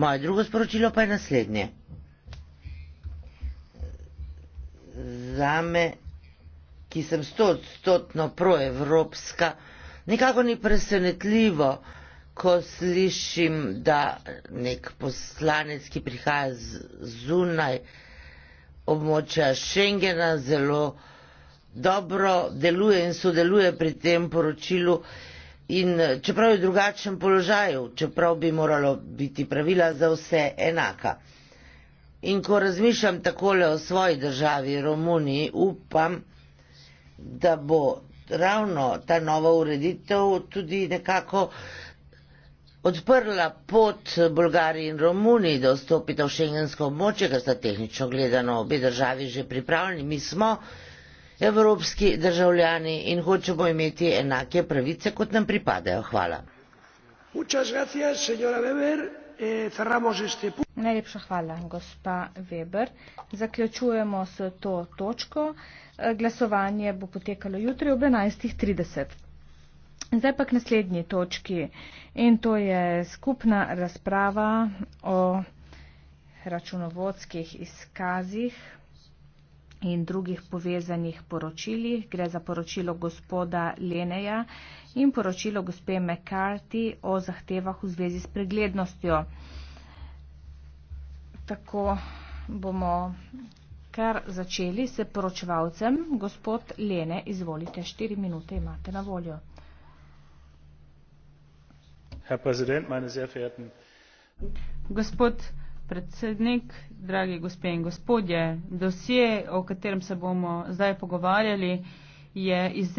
Moje drugo sporočilo pa je naslednje. Za me, ki sem stotno proevropska, nikako ni presenetljivo, ko slišim, da nek poslanec, ki prihaja z zunaj območja Schengena, zelo dobro deluje in sodeluje pri tem poročilu. In čeprav je v drugačnem položaju, čeprav bi moralo biti pravila za vse enaka. In ko razmišljam takole o svoji državi, Romuniji, upam, da bo ravno ta nova ureditev tudi nekako odprla pot Bolgariji in Romuniji, da vstopita v šengensko območje, ker sta tehnično gledano obe državi že pripravljeni. Mi smo evropski državljani in hočemo imeti enake pravice, kot nam pripadajo. Hvala. Eh, Najlepša hvala, gospa Weber. Zaključujemo s to točko. Eh, glasovanje bo potekalo jutri ob 11.30. Zdaj pa k naslednji točki in to je skupna razprava o računovodskih izkazih in drugih povezanih poročilih. Gre za poročilo gospoda Leneja in poročilo gospe McCarthy o zahtevah v zvezi s preglednostjo. Tako bomo kar začeli se poročevalcem. Gospod Lene, izvolite, 4 minute imate na voljo. Gospod predsednik, dragi gospe in gospodje, dosje, o katerem se bomo zdaj pogovarjali, je izredno.